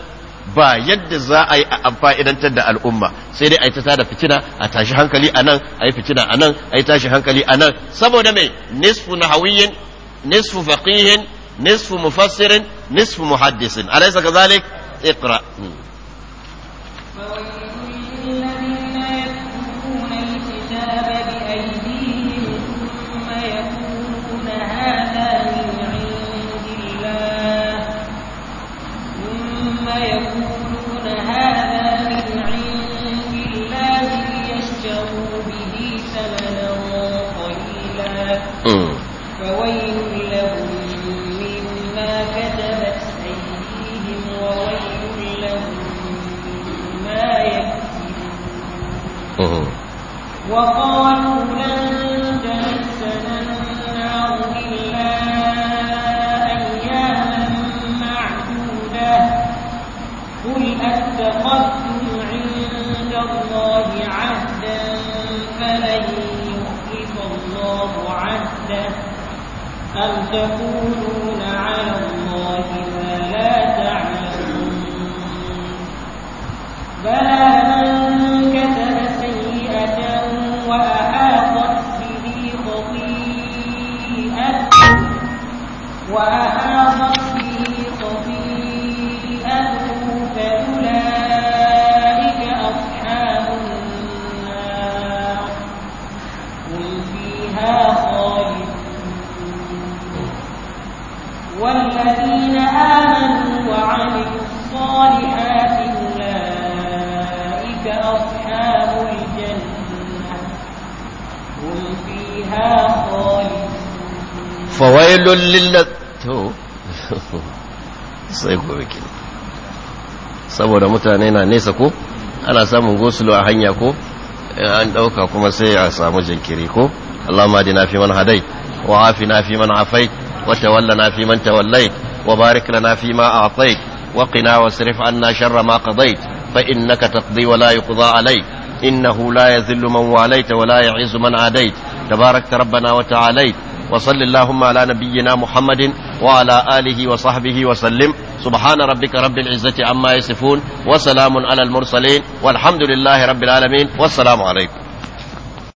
ba yadda za a yi a fa'idantar da al'umma sai dai a yi ta tada fitina a tashi hankali a nan a yi fitina a nan a yi tashi hankali a nan saboda mai nisfu nahawiyin nisfu faqihin nisfu mufassirin nisfu muhaddisin alaisa kadhalik اقرأ wailul sai gobe ke saboda mutane na nesa ko ana samun gosulo a hanya ko an ɗauka kuma sai a samu jinkiri ko Allah ma dina fi man hadai wa afi na fi man afai wa tawalla na fi man tawallai wa barik lana fi ma a'tai wa qina sirif anna sharra ma qadait fa innaka taqdi wa la yuqda alayk innahu la yadhillu man walayta wa la yu'izzu man adait tabarakta rabbana wa ta'alayt وصل اللهم على نبينا محمد وعلى آله وصحبه وسلم سبحان ربك رب العزة عما يصفون وسلام على المرسلين والحمد لله رب العالمين والسلام عليكم